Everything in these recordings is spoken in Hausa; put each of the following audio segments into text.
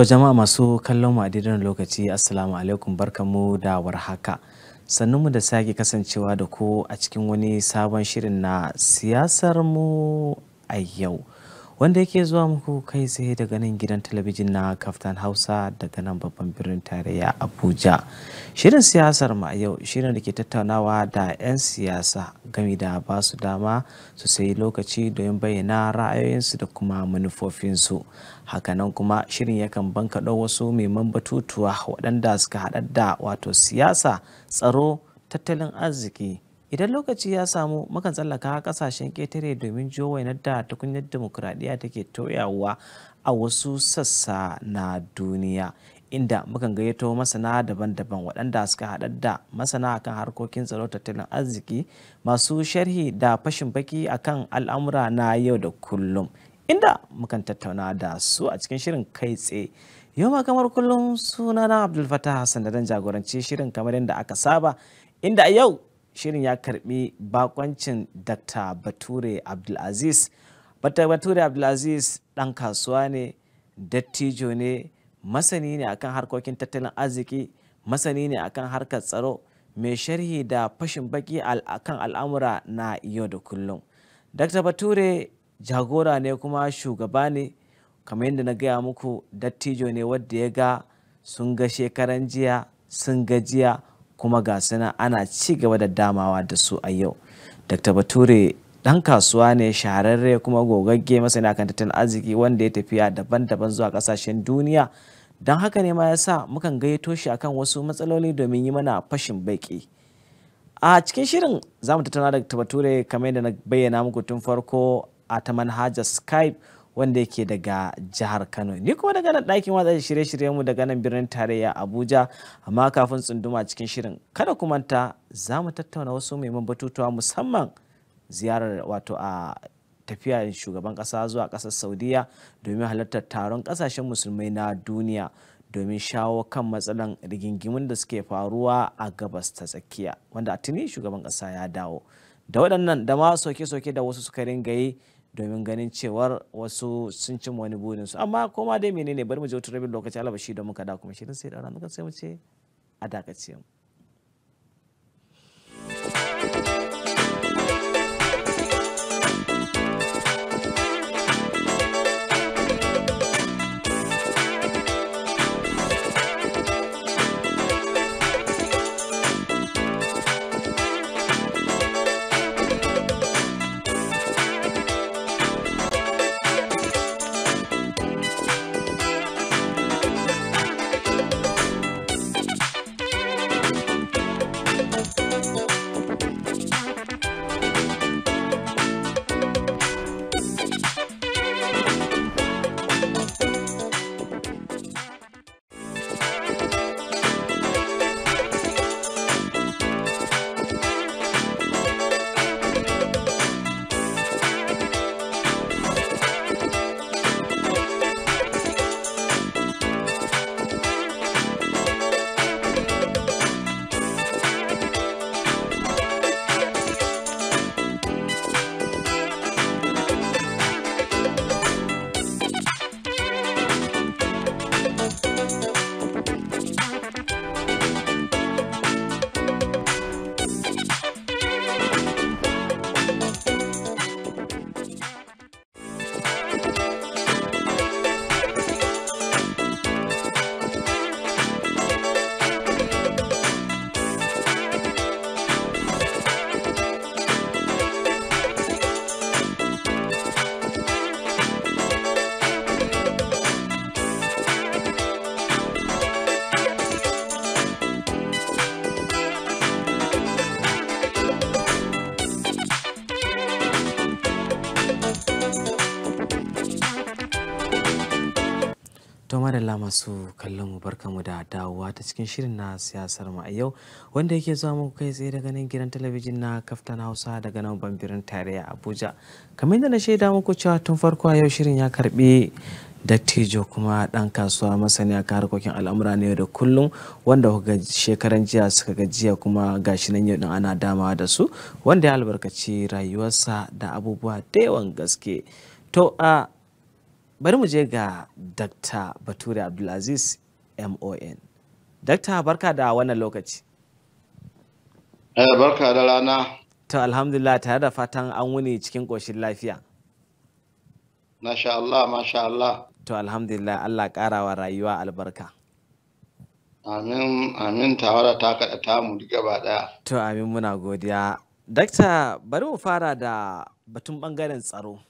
To jama'a masu kallon mu a daidan lokaci assalamu alaikum barkamu da warhaka. Sannunmu da sake kasancewa da ku a cikin wani sabon shirin na siyasar mu a yau. wanda yake zuwa muku kai sai daga nan gidan talabijin na kaftan hausa daga nan babban birnin tarayya abuja shirin siyasar ma yau shirin da ke tattaunawa da 'yan siyasa gami da ba su dama su sayi lokaci don bayyana ra'ayoyinsu da kuma manufofinsu hakanan kuma shirin yakan bankaɗo wasu muhimman batutuwa waɗanda suka haɗar da wato siyasa tsaro tattalin arziki idan lokaci ya samu mukan tsallaka kasashen ƙetare domin jiyo wainar da tukunyar demokuraɗiyya take toyawa a wasu sassa na duniya inda mukan gayyato masana daban-daban waɗanda suka haɗa da masana akan harkokin tsaro tattalin arziki masu sharhi da fashin baki akan al'amura na yau da kullum inda mukan tattauna da su a cikin shirin kai tsaye yau ma kamar kullum sunana abdulfatah hassan da dan jagoranci shirin kamar yadda aka saba inda yau shirin ya karbi bakoncin dr bature abdulaziz bature abdulaziz dan kasuwa ne dattijo ne masani ne akan harkokin tattalin arziki masani ne akan harkar tsaro mai sharhi da fashin baki akan al'amura na yau da kullum dr bature jagora ne kuma shugaba ne kamar yadda na gaya muku dattijo ne wadda ya ga sun ga shekaran jiya sun gajiya kuma ga suna ana ci gaba da damawa da su a yau dr bature dan kasuwa ne shahararre kuma gogagge masana kan tattalin arziki wanda ya tafiya daban-daban zuwa kasashen duniya don haka ne ma ya sa mukan gayyato shi akan wasu matsaloli domin yi mana fashin baki a cikin shirin za mu tattauna da bature kamar yadda na bayyana muku tun farko a ta manhajar skype wanda yake daga jihar Kano. Ni kuma daga nan ɗakin watsa shirye-shiryen mu daga nan birnin tarayya Abuja amma kafin tsunduma cikin shirin kada ku manta za mu tattauna wasu muhimman batutuwa musamman ziyarar wato a tafiya shugaban ƙasa zuwa ƙasar Saudiya domin halartar taron kasashen musulmai na duniya domin shawo kan matsalan rigingimun da suke faruwa a gabas ta tsakiya wanda a tuni shugaban ƙasa ya dawo. Da waɗannan da ma soke-soke da wasu suka ringa yi domin ganin cewar wasu sun cin wani burin su amma koma dai menene bari mu je wata rabin lokaci alabashi don muka da kuma shirin sai da ranar sai mu ce a dakace mu Allah masu kallon mu mu da dawowa ta cikin shirin na siyasar mu a yau wanda yake zuwa muku kai tsaye daga nan gidan talabijin na kaftan Hausa daga nan bambirin tarayya Abuja. Kamar yadda na shaida muku cewa tun farko a yau shirin ya karbi dattijo kuma ɗan kasuwa masani a harkokin al'amura ne da kullum wanda kuka shekaran jiya suka gajiya kuma gashi nan yau ana dama da su wanda ya albarkaci rayuwarsa da abubuwa da yawan gaske to a bari mu je ga dr bature abdulaziz mon dr barka da wannan lokaci eh, barka da rana to alhamdulillah tare da fatan an wuni cikin ƙoshin lafiya sha Allah masha Allah to alhamdulillah Allah ƙarawa rayuwa albarka amin amin tawara ta kaɗa tamu duk gaba ɗaya to amin muna godiya dakta bari mu fara da batun ɓangaren tsaro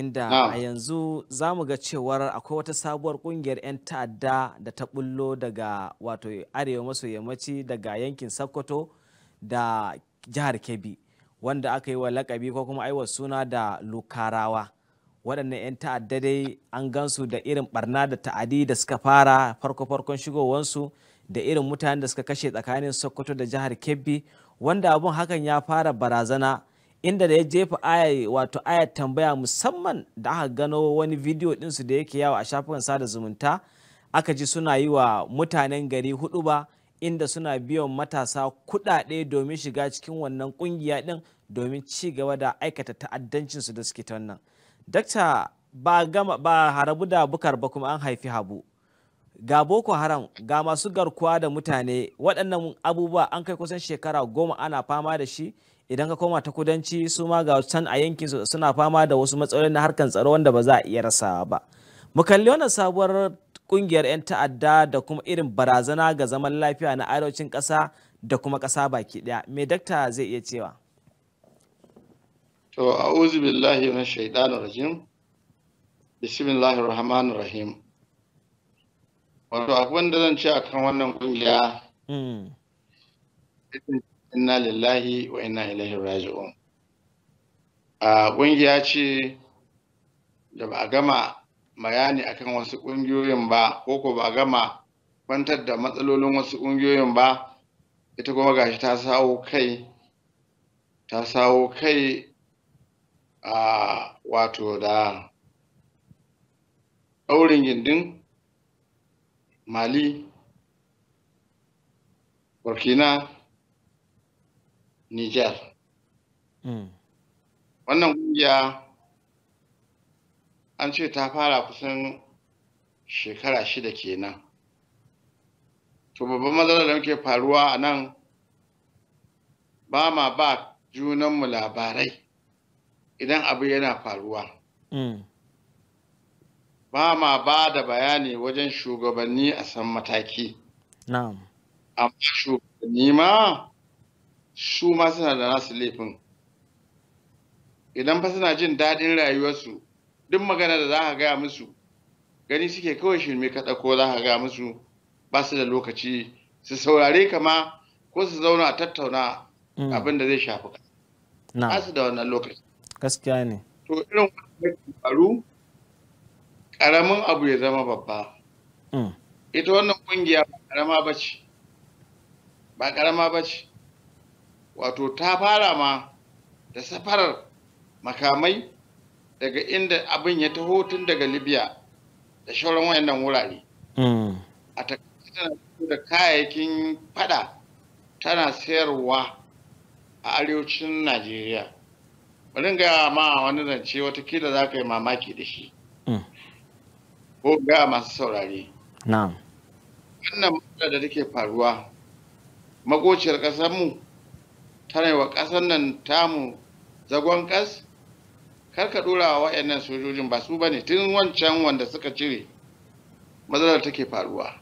inda a yanzu za mu ga cewar akwai wata sabuwar kungiyar 'yan ta'adda da ta bullo daga wato arewa maso yammaci daga yankin sokoto da jihar kebbi wanda aka yi wa lakabi ko kuma aiwa suna da lukarawa waɗannan 'yan ta'adda dai an gansu da irin barna da ta'adi da suka fara farko-farkon shigowansu da irin mutanen da suka kashe tsakanin sokoto da jihar kebbi wanda abun hakan ya fara barazana inda da ya jefa aya wato ayar tambaya musamman da aka gano wani bidiyo dinsu da yake yawo a shafukan sada zumunta aka ji suna yi wa mutanen gari hudu ba inda suna biyan matasa kudade domin shiga cikin wannan ƙungiya ɗin domin ci gaba da aikata ta'addancin su da suke ta wannan dakta ba gama ba harabu da bukar ba kuma an haifi habu ga boko haram ga masu garkuwa da mutane waɗannan abubuwa an kai kusan shekara goma ana fama da shi idan ka koma ta kudanci su ma ga can a yankin suna fama da wasu matsaloli na harkar tsaro wanda ba za a iya rasa ba mu kalli wannan sabuwar kungiyar 'yan ta'adda da kuma irin barazana ga zaman lafiya na arewacin ƙasa da kuma ƙasa baki ɗaya me dakta zai iya cewa to a'udhu billahi minash shaitanir rajim bismillahir rahmanir rahim wato akwai wanda zan ce akan wannan kungiya hmm. inna lillahi wa inna ilaihi raji'un a ƙungiya ce da ba a gama bayani akan wasu ƙungiyoyin ba ko ko ba gama kwantar da matsalolin wasu ƙungiyoyin ba ita kuma gashi ta sawo kai ta sawo kai a wato da ɗaurin gindin mali burkina Niger. Mm. Wannan kungiya an ce ta fara kusan shekara shida kenan. To babban matsalar da muke faruwa a nan ba ma ba junanmu labarai idan abu yana faruwa. Mm. Ba ma ba da bayani wajen shugabanni a san mataki. Amma shugabanni ma shu ma suna da nasu laifin idan fa suna jin daɗin rayuwarsu duk magana da za ka gaya musu gani suke kawai shirme ka ɗauko za ka gaya musu ba su da lokaci su saurare ka ma ko su zauna tattauna mm. abin da zai shafi ka ba su da wannan lokaci gaskiya ne to irin wannan faru ƙaramin abu ya zama babba mm. ita wannan ƙungiya ba ƙarama ba ce ba ƙarama ba ce wato ta fara ma da safarar makamai daga inda abin ya taho tun daga libya da shauran wayannan wurare hmm. a tana da kayayyakin fada tana sayarwa a arewacin najeriya bari ga ma wani zance watakila za ka yi mamaki da shi hmm. ko ga masu saurari. wannan matsala da take faruwa magociyar ƙasarmu tana wa ƙasar nan tamu zagon ƙas karka ka wa'annan wa waɗannan sojojin ba su ba ne tun wancan wanda suka cire matsalar take faruwa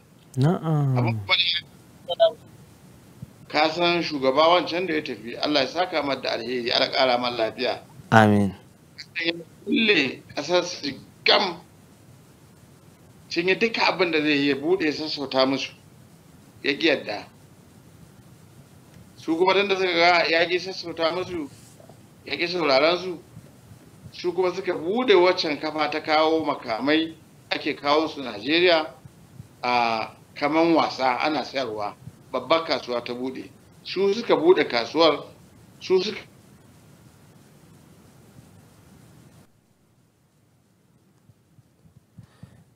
ka san shugaba wancan da ya tafi allah ya saka mar da alheri ala ƙara mar lafiya amin kulle ƙasar su gam cinye duka abin da zai yi buɗe sassauta musu ya ƙi yadda su kuma don da suka ga ya ke sassauta musu ya ke sauraron su su kuma suka bude waccan kafa ta kawo makamai ake kawo su Najeriya a kaman wasa ana sayarwa babbar kasuwa ta bude su suka bude kasuwar su suka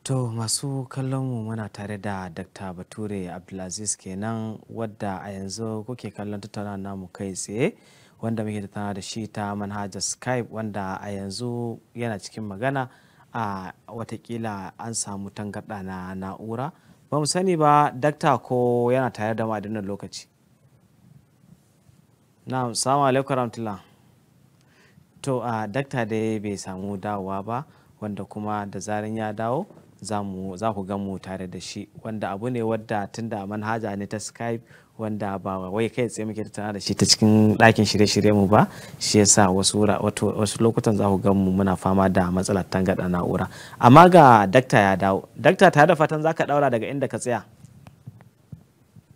To masu kallonmu muna tare da Dr. Bature Abdulaziz kenan wadda a yanzu kuke kallon tattauna namu kai tsaye wanda muke tattauna da shi ta manhajar Skype wanda a yanzu yana cikin magana a watakila an samu tangarda na na'ura. Ba mu sani ba dakta ko yana tare da mu lokaci. Na samu alaikum rahmatullah. To a dakta dai bai samu dawowa ba wanda kuma da zaran ya dawo za ku mu tare da shi wanda abu ne wadda tunda manhaja ne ta skype wanda ba wai kai tsaye muke tattauna da shi ta cikin ɗakin shirye-shirye mu ba shi yasa wasu wasu lokutan za ku ga mu muna fama da matsalar tangaɗa na'ura amma ga dakta ya dawo dakta tare da fatan za ka ɗaura daga inda ka tsaya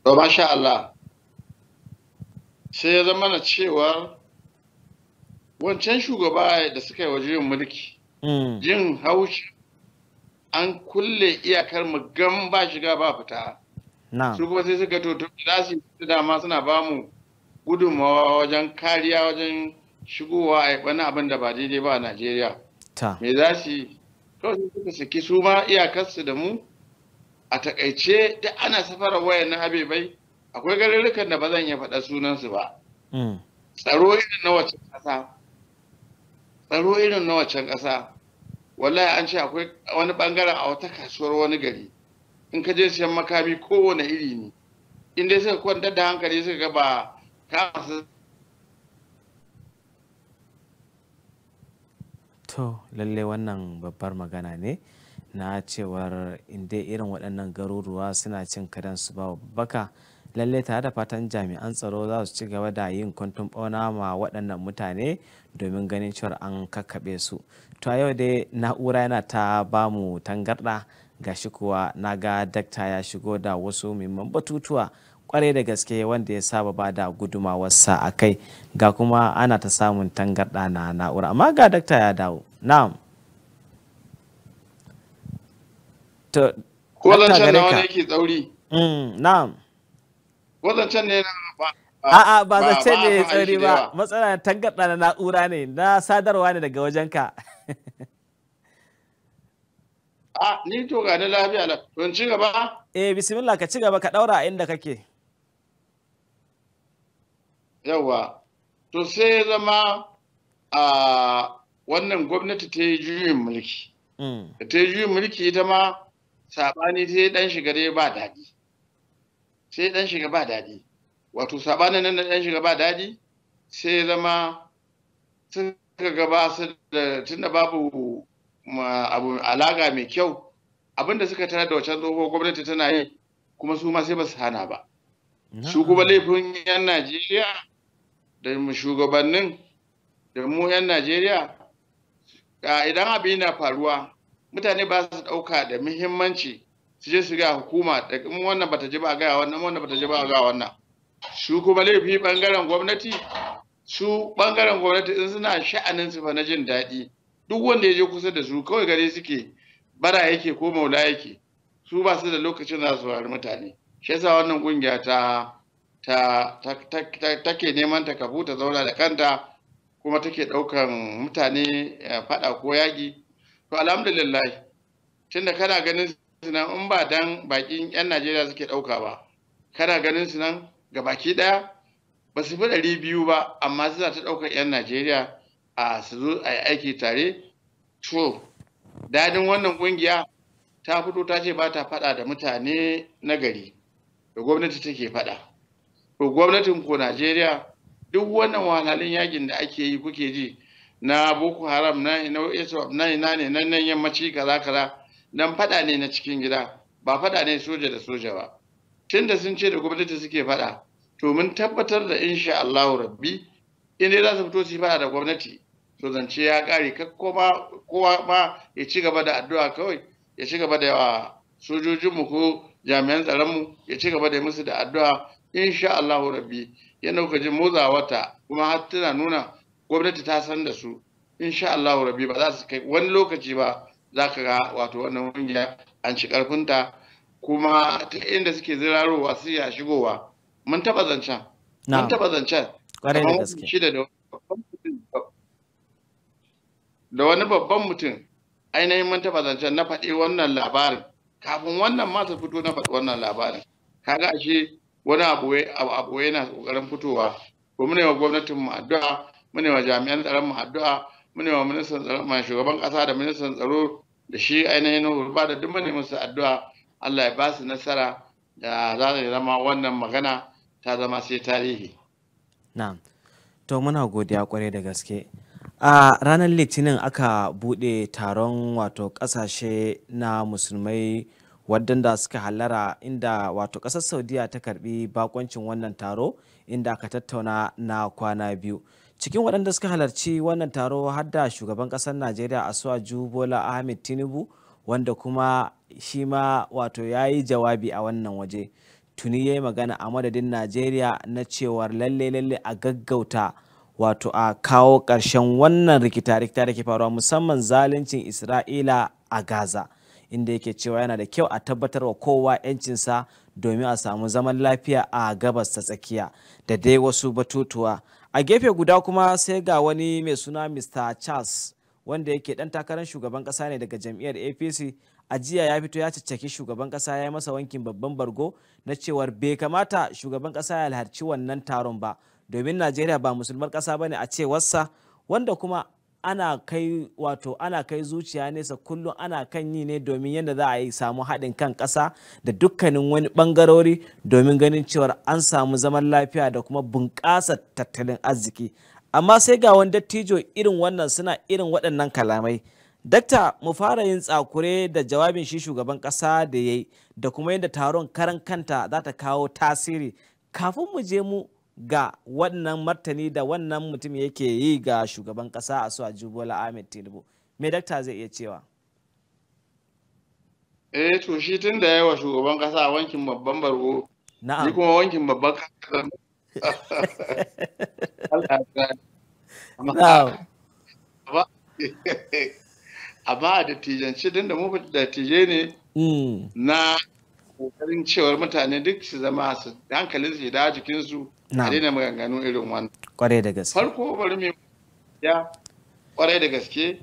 to masha Allah sai ya zama na cewa wancan shugaba da suka yi waje yin mulki hmm. jin haushi an kulle iyakar mu gan ba shiga ba fita su kuma sai suka toto za su yi dama suna ba mu gudunmawa wajen kariya wajen shigowa a wani abin da ba daidai ba a najeriya me za su yi kawai suka saki su ma iyakarsu da mu a takaice da ana safara wayan na habibai akwai garurrukan da ba zan iya faɗa sunansu ba tsaro irin na tsaro irin na waccan ƙasa wallahi an ce akwai wani bangaren a wata kasuwar wani gari in ka je siyan makami kowane iri ne in dai suka kwantar da hankali suka ga ba to lalle wannan babbar magana ne na cewar inda irin waɗannan garuruwa suna cin kadan su ba baka lalle tare da fatan jami'an tsaro za su ci gaba da yin kwantun ɓauna ma waɗannan mutane domin ganin cewar an kakkaɓe su to a yau dai na'ura yana ta bamu tangarɗa gashi kuwa na ga dakta ya shigo da wasu mimman batutuwa kwarai da gaske wanda ya saba ba da gudumawarsa a kai ga kuma ana ta samun tangarɗa na na'ura amma ga dakta ya dawo na'am mm, na ne a'a ba zace ne tsari ba matsala tangarɗa na na'ura ne na sadarwa ne daga wajenka a ah, ni to ga na lafiya la to ci gaba eh bismillah ka ci gaba ka daura inda kake yawa to sai zama a wannan gwamnati ta yi juyin mulki mm. da ta yi juyin mulki ita ma sabani sai dan shiga dai ba daɗi sai dan shiga ba daɗi wato sabanin nan dan shiga ba daɗi sai zama sun ga gaba su da babu abu alaka mai kyau abinda suka tana da wacan tsohuwar gwamnati tana yi kuma su ma sai ba su hana ba shugaban laifin yan najeriya da shugabannin da mu yan najeriya idan abin yana faruwa mutane ba su ɗauka da muhimmanci su je su ga hukuma da in wannan bata ji ba ga wannan wannan bata ji ba ga wannan shugaban laifi bangaren gwamnati su bangaren gwamnati in suna sha'anin su na jin daɗi duk wanda ya je kusa da su kawai gare suke bara yake ko maula yake su ba su da lokacin za su wari mutane shi yasa wannan kungiya ta ta take neman ta kafu ta zauna da kanta kuma take ɗaukan mutane eh, faɗa ko yaƙi to alhamdulillah tunda kana ganin su nan in ba dan bakin yan Najeriya suke ɗauka ba kana ganin su nan ga baki ɗaya ba su fi ɗari biyu ba amma suna ta ɗaukar 'yan najeriya a su zo a yi aiki tare to dadin wannan ƙungiya ta fito ta ce ba ta faɗa da mutane na gari da gwamnati take faɗa to gwamnatin ko najeriya duk wannan wahalhalun yakin da ake yi kuke ji na boko haram na na ina ne nan nan yammaci kaza kaza nan faɗa ne na cikin gida ba faɗa ne soja da soja ba tunda sun ce da gwamnati suke faɗa to mun tabbatar da insha Allah rabbi in dai za su fito su fara da gwamnati to zance ya kare kowa ma ya ci gaba da addu'a kawai ya ci gaba da sojojinmu ko jami'an tsaronmu ya ci gaba da musu da addu'a insha Allah rabbi yana kuka ji motsa wata kuma har tana nuna gwamnati ta san da su insha Allah rabbi ba za su kai wani lokaci ba za ka ga wato wannan kungiya an ci karfinta kuma ta inda suke zirarowa su ya shigowa mun taɓa zancen mun taba zancen Kwarai da gaske shi da da wani babban mutum ainihin mun taɓa zancen na faɗi wannan labarin kafin wannan ma ta fito na faɗi wannan labarin kaga shi wani abu yana ƙoƙarin fitowa ko mune wa gwamnatin mu addu'a mune wa jami'an tsaron mu addu'a mune wa ministan tsaron mu shugaban ƙasa da ministan tsaro da shi ainihin hurba da duk mune musu addu'a Allah ya ba su nasara da za zama wannan magana ta zama sai tarihi na'am to muna godiya kwarai da gaske a ranar litinin aka bude taron wato kasashe na musulmai waɗanda suka hallara inda wato ƙasar saudiya ta karbi bakoncin wannan taro inda aka tattauna na kwana biyu cikin waɗanda suka halarci wannan taro har da shugaban ƙasar najeriya a bola ahmed tinubu wanda kuma shi ma wato ya yi jawabi a wannan waje tuni ya yi magana a madadin najeriya na cewar lalle lalle a gaggauta wato a kawo karshen wannan rikita-rikita da ke faruwa musamman zaluncin isra'ila a gaza inda yake cewa yana da kyau a tabbatar wa kowa 'yancinsa domin a samu zaman lafiya a gabas ta tsakiya da dai wasu batutuwa a gefe guda kuma sai ga wani mai suna mr charles wanda yake dan takarar shugaban kasa ne daga jam'iyyar apc a jiya ya fito ya caccaki shugaban kasa ya yi masa wankin babban bargo na cewar bai kamata shugaban kasa ya halarci wannan taron ba domin najeriya ba musulmar kasa ba ne a cewarsa wanda kuma ana kai wato ana kai zuciya nesa kullum ana kan yi ne domin yadda za a yi samu haɗin kan ƙasa da dukkanin wani ɓangarori domin ganin cewar an samu zaman lafiya da kuma bunƙasa tattalin arziki amma sai ga wani dattijo irin wannan suna irin waɗannan kalamai Dakta mu fara yin tsakure da jawabin shi shugaban ƙasa da ya yi da kuma yadda taron karan kanta za ta kawo tasiri kafin mu je mu ga wannan martani da wannan mutum yake yi ga shugaban ƙasa a suwa Jubola Ahmed Tinubu. Me dakta zai iya cewa? Eh to shi tun da yawa shugaban ƙasa wankin babban bargo. Na'am. Ni kuma wankin babban kasa. Na'am. amma a dattijance don da mu dattije ne hmm. na kokarin cewar mutane duk su zama su hankalin su da jikinsu a daina maganganu irin wannan kwarai da gaske farko bari mai ya kwarai da gaske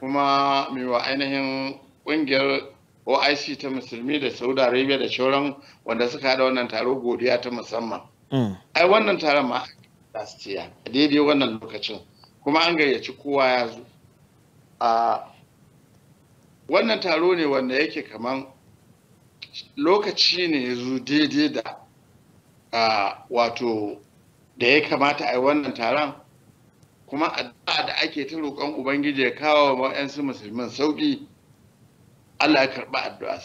kuma mai wa ainihin kungiyar oic ta musulmi da saudi arabia da shauran wanda suka hada wannan taro godiya ta musamman hmm. ai wannan taron ma last year daidai wannan lokacin kuma an gayyaci kowa ya zo a ah, wannan taro ne wanda yake kaman lokaci ne ya zo daidai da wato da ya kamata a yi wannan taron kuma addu'a da ake ta roƙon ubangiji ya kawo wa 'yansu musulmin sauƙi allah ya karɓi addu'a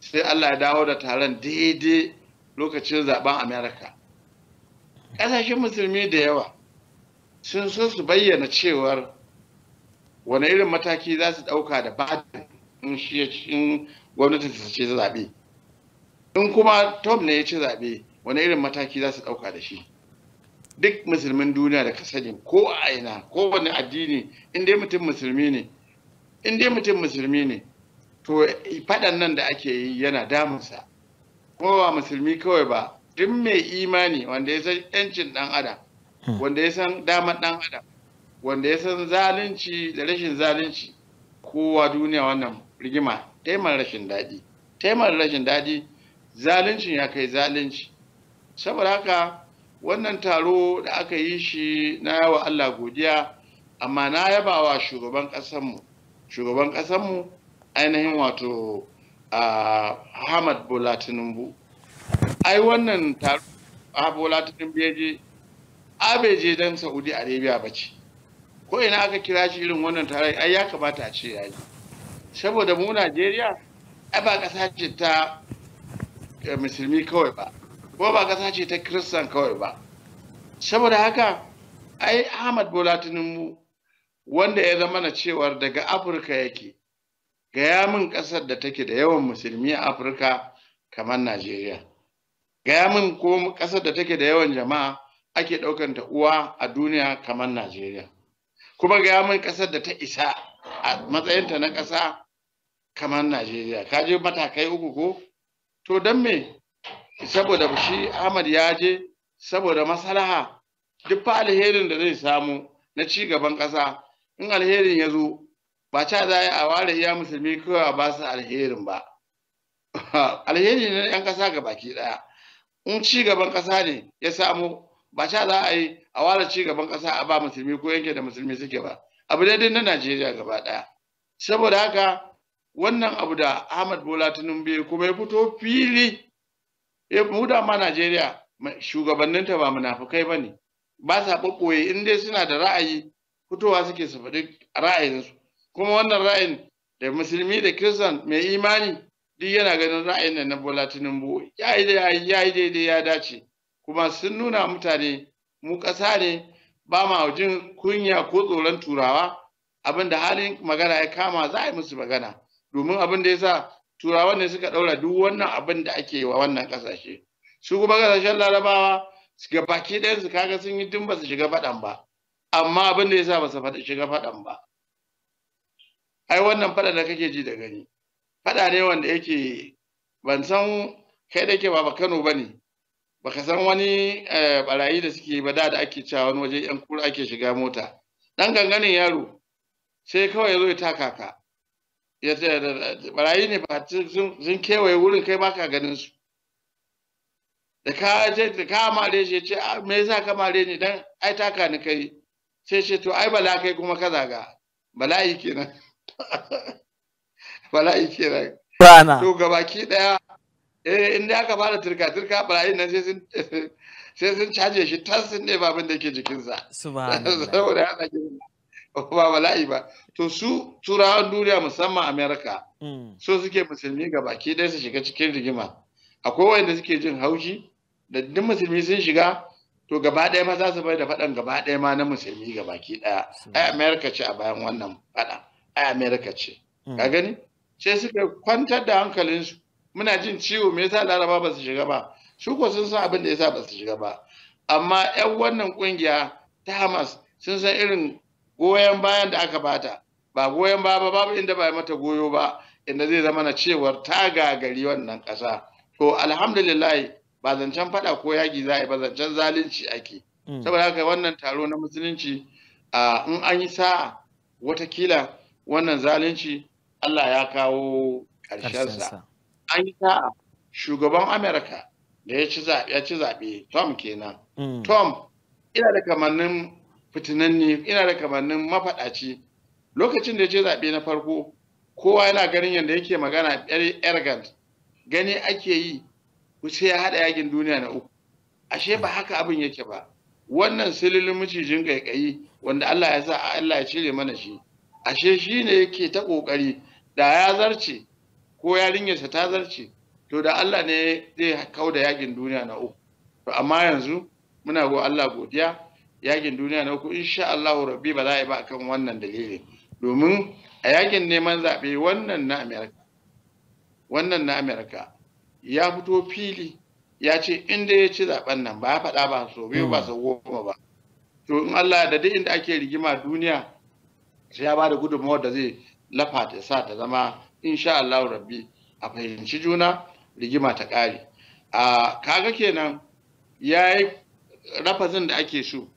sai allah ya dawo da taron daidai lokacin zaben amerika ƙasashen musulmi da yawa sun so su bayyana cewar wani irin mataki za su ɗauka da Biden in shi in gwamnatin ta ce zaɓe in kuma Tom ne ya ci zaɓe wani irin mataki za su ɗauka da shi duk musulmin duniya da ka sani ko a ina ko wani addini in dai mutum musulmi ne in dai mutum musulmi ne to faɗan nan da ake yi yana damunsa kuma ba musulmi kawai ba duk mai imani wanda ya san 'yancin ɗan adam hmm. wanda ya san damar ɗan adam wanda ya san zalunci da rashin zalunci kowa duniya wannan rigima taimar rashin daɗi taimar rashin daɗi zalunci ya kai zalunci saboda haka wannan taro da aka yi shi na yawa Allah godiya amma na yaba wa shugaban ƙasanmu shugaban ƙasanmu ainihin wato a Ahmad Bola Tinubu ai wannan taro a Bola ya je abeje don Saudi Arabia ba ce ko ina aka kira shi irin wannan tarayya ai ya kamata a ce yayi saboda mu Najeriya ai ba ƙasa ce ta eh, musulmi kawai ba ko ba ƙasa ce ta kiristan kawai ba saboda haka ai Ahmad Bola mu wanda ya zama na cewar daga Afirka yake gaya min ƙasar da take da yawan musulmi a Afirka kamar Najeriya gaya min ko ƙasar da take da yawan jama'a ake ɗaukanta uwa a duniya kamar Najeriya kuma ga min kasar da ta isa a matsayinta na ƙasa kamar Najeriya ka je matakai uku ko to dan me saboda shi Ahmad ya je saboda maslaha duk fa alherin da zai samu na ci gaban ƙasa in alherin ya zo ba ca za a ware iya musulmi kawai ba su alherin ba alheri ne na 'yan ƙasa ga baki ɗaya in ci gaban ƙasa ne ya samu ba ca za a yi a wara ci gaban ƙasa a ba musulmi ko yanke da musulmi suke ba abu daidai na Najeriya gaba ɗaya saboda haka wannan abu da Ahmad Bola Tinubu kuma ya fito fili ya muda ma Najeriya shugabanninta ba munafukai ba ne ba sa ɓaɓɓoye in dai suna da ra'ayi fitowa suke su faɗi ra'ayinsu kuma wannan ra'ayin da musulmi da kiristan mai imani duk yana ganin ra'ayin nan na Bola Tinubu ya yi daidai ya dace kuma sun nuna mutane mu ƙasa ne ba ma jin kunya ko tsoron turawa abin da halin magana ya kama za a yi musu magana domin abin da ya sa turawa ne suka ɗaura duk wannan abin da ake wa wannan ƙasashe su kuma ƙasashen larabawa ga baki ɗayan su kaga sun yi tun ba su shiga faɗan ba amma abin da ya sa ba su shiga faɗan ba ai wannan faɗa da kake ji da gani faɗa ne wanda yake ban san kai da ke ba Kano ba ne baka san wani eh, barayi da suke ba da da ake cewa wani waje yan kura ake shiga mota dan ganganin yaro sai kawai ya zo ya taka ka ya ce barayi ne ba sun kewaye wurin kai baka ganin su da ka ce da ka mare shi ce ah, me yasa ka mare ni dan ai taka ni kai sai ce to ai bala kai kuma kaza ga bala'i kenan bala'i kenan to baki daya eh in da aka fara turka turka barayin nan sai sun sai sun caje shi tas sun ne babin da ke jikinsa saboda tsaki ba bala'i ba to su turawan duniya musamman america hmm. so suke musulmi ga baki ɗaya su shiga cikin rigima akwai wanda suke jin haushi da duk musulmi sun shiga to gaba ɗaya ma za su bai da faɗan gaba ɗaya ma na musulmi ga baki ɗaya ai america ce a bayan wannan faɗa ai america ce ka hmm. gani sai suka kwantar da hankalinsu muna jin ciwo me yasa laraba ba su shiga ba su ko sun san abin da yasa ba su shiga ba amma yan wannan kungiya ta hamas sun san irin goyon bayan da aka bata ba goyon baya ba babu inda ba mata goyo ba inda zai zama na cewar ta gagari wannan kasa to alhamdulillah ba zancen faɗa ko yaƙi za a yi ba zancen zalunci ake mm. saboda haka wannan taro na musulunci in an yi sa'a watakila wannan zalunci Allah ya kawo sa. an yi ta'a, shugaban Amurka da ya ci zaɓe Tom kenan. Tom mm. ina da kamannin ne, ina da kamannin mafaɗaci lokacin da ya ce zaɓe na farko kowa yana ganin yadda yake magana ɗari arrogant gani ake yi sai ya haɗa yakin duniya na uku ashe ba haka abin yake ba wannan sililin mucijin ƙaiƙayi wanda Allah ya sa Allah ya cire mana shi ashe shi ne yake ta ƙoƙari da ya zarce ko yarinyarsa ta zarce to da Allah ne zai kau da yakin duniya na uku to amma yanzu muna go Allah godiya yakin duniya na uku insha Allah rabbi ba za a yi ba akan wannan dalilin domin a yakin neman zaɓe wannan na Amerika wannan na Amerika ya fito fili ya ce inda ya ci zaben nan ba ya faɗa ba so biyu ba sau goma ba to in Allah da duk inda ake rigima duniya sai ya ba da gudunmawar da zai lafa ta sa ta zama insha Allah rabbi a fahimci juna rigima ta ƙare a kaga kenan ya yi rafazin da ake so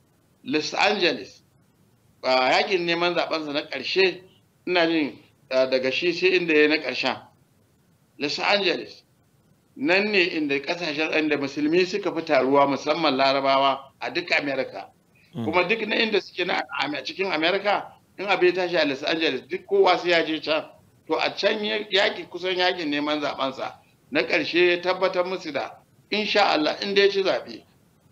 los angeles a yakin neman zaɓensa na ƙarshe ina jin daga shi sai inda ya na ƙarshe. los angeles nan ne inda ƙasashen inda musulmi suka fi taruwa musamman larabawa a duk america mm. kuma duk na inda suke na cikin Amerika, in abu ya tashi a los angeles duk kowa sai ya je can to a can yaƙi kusan yaƙin neman zaɓensa na ƙarshe ya tabbatar musu da insha Allah in dai ci zaɓe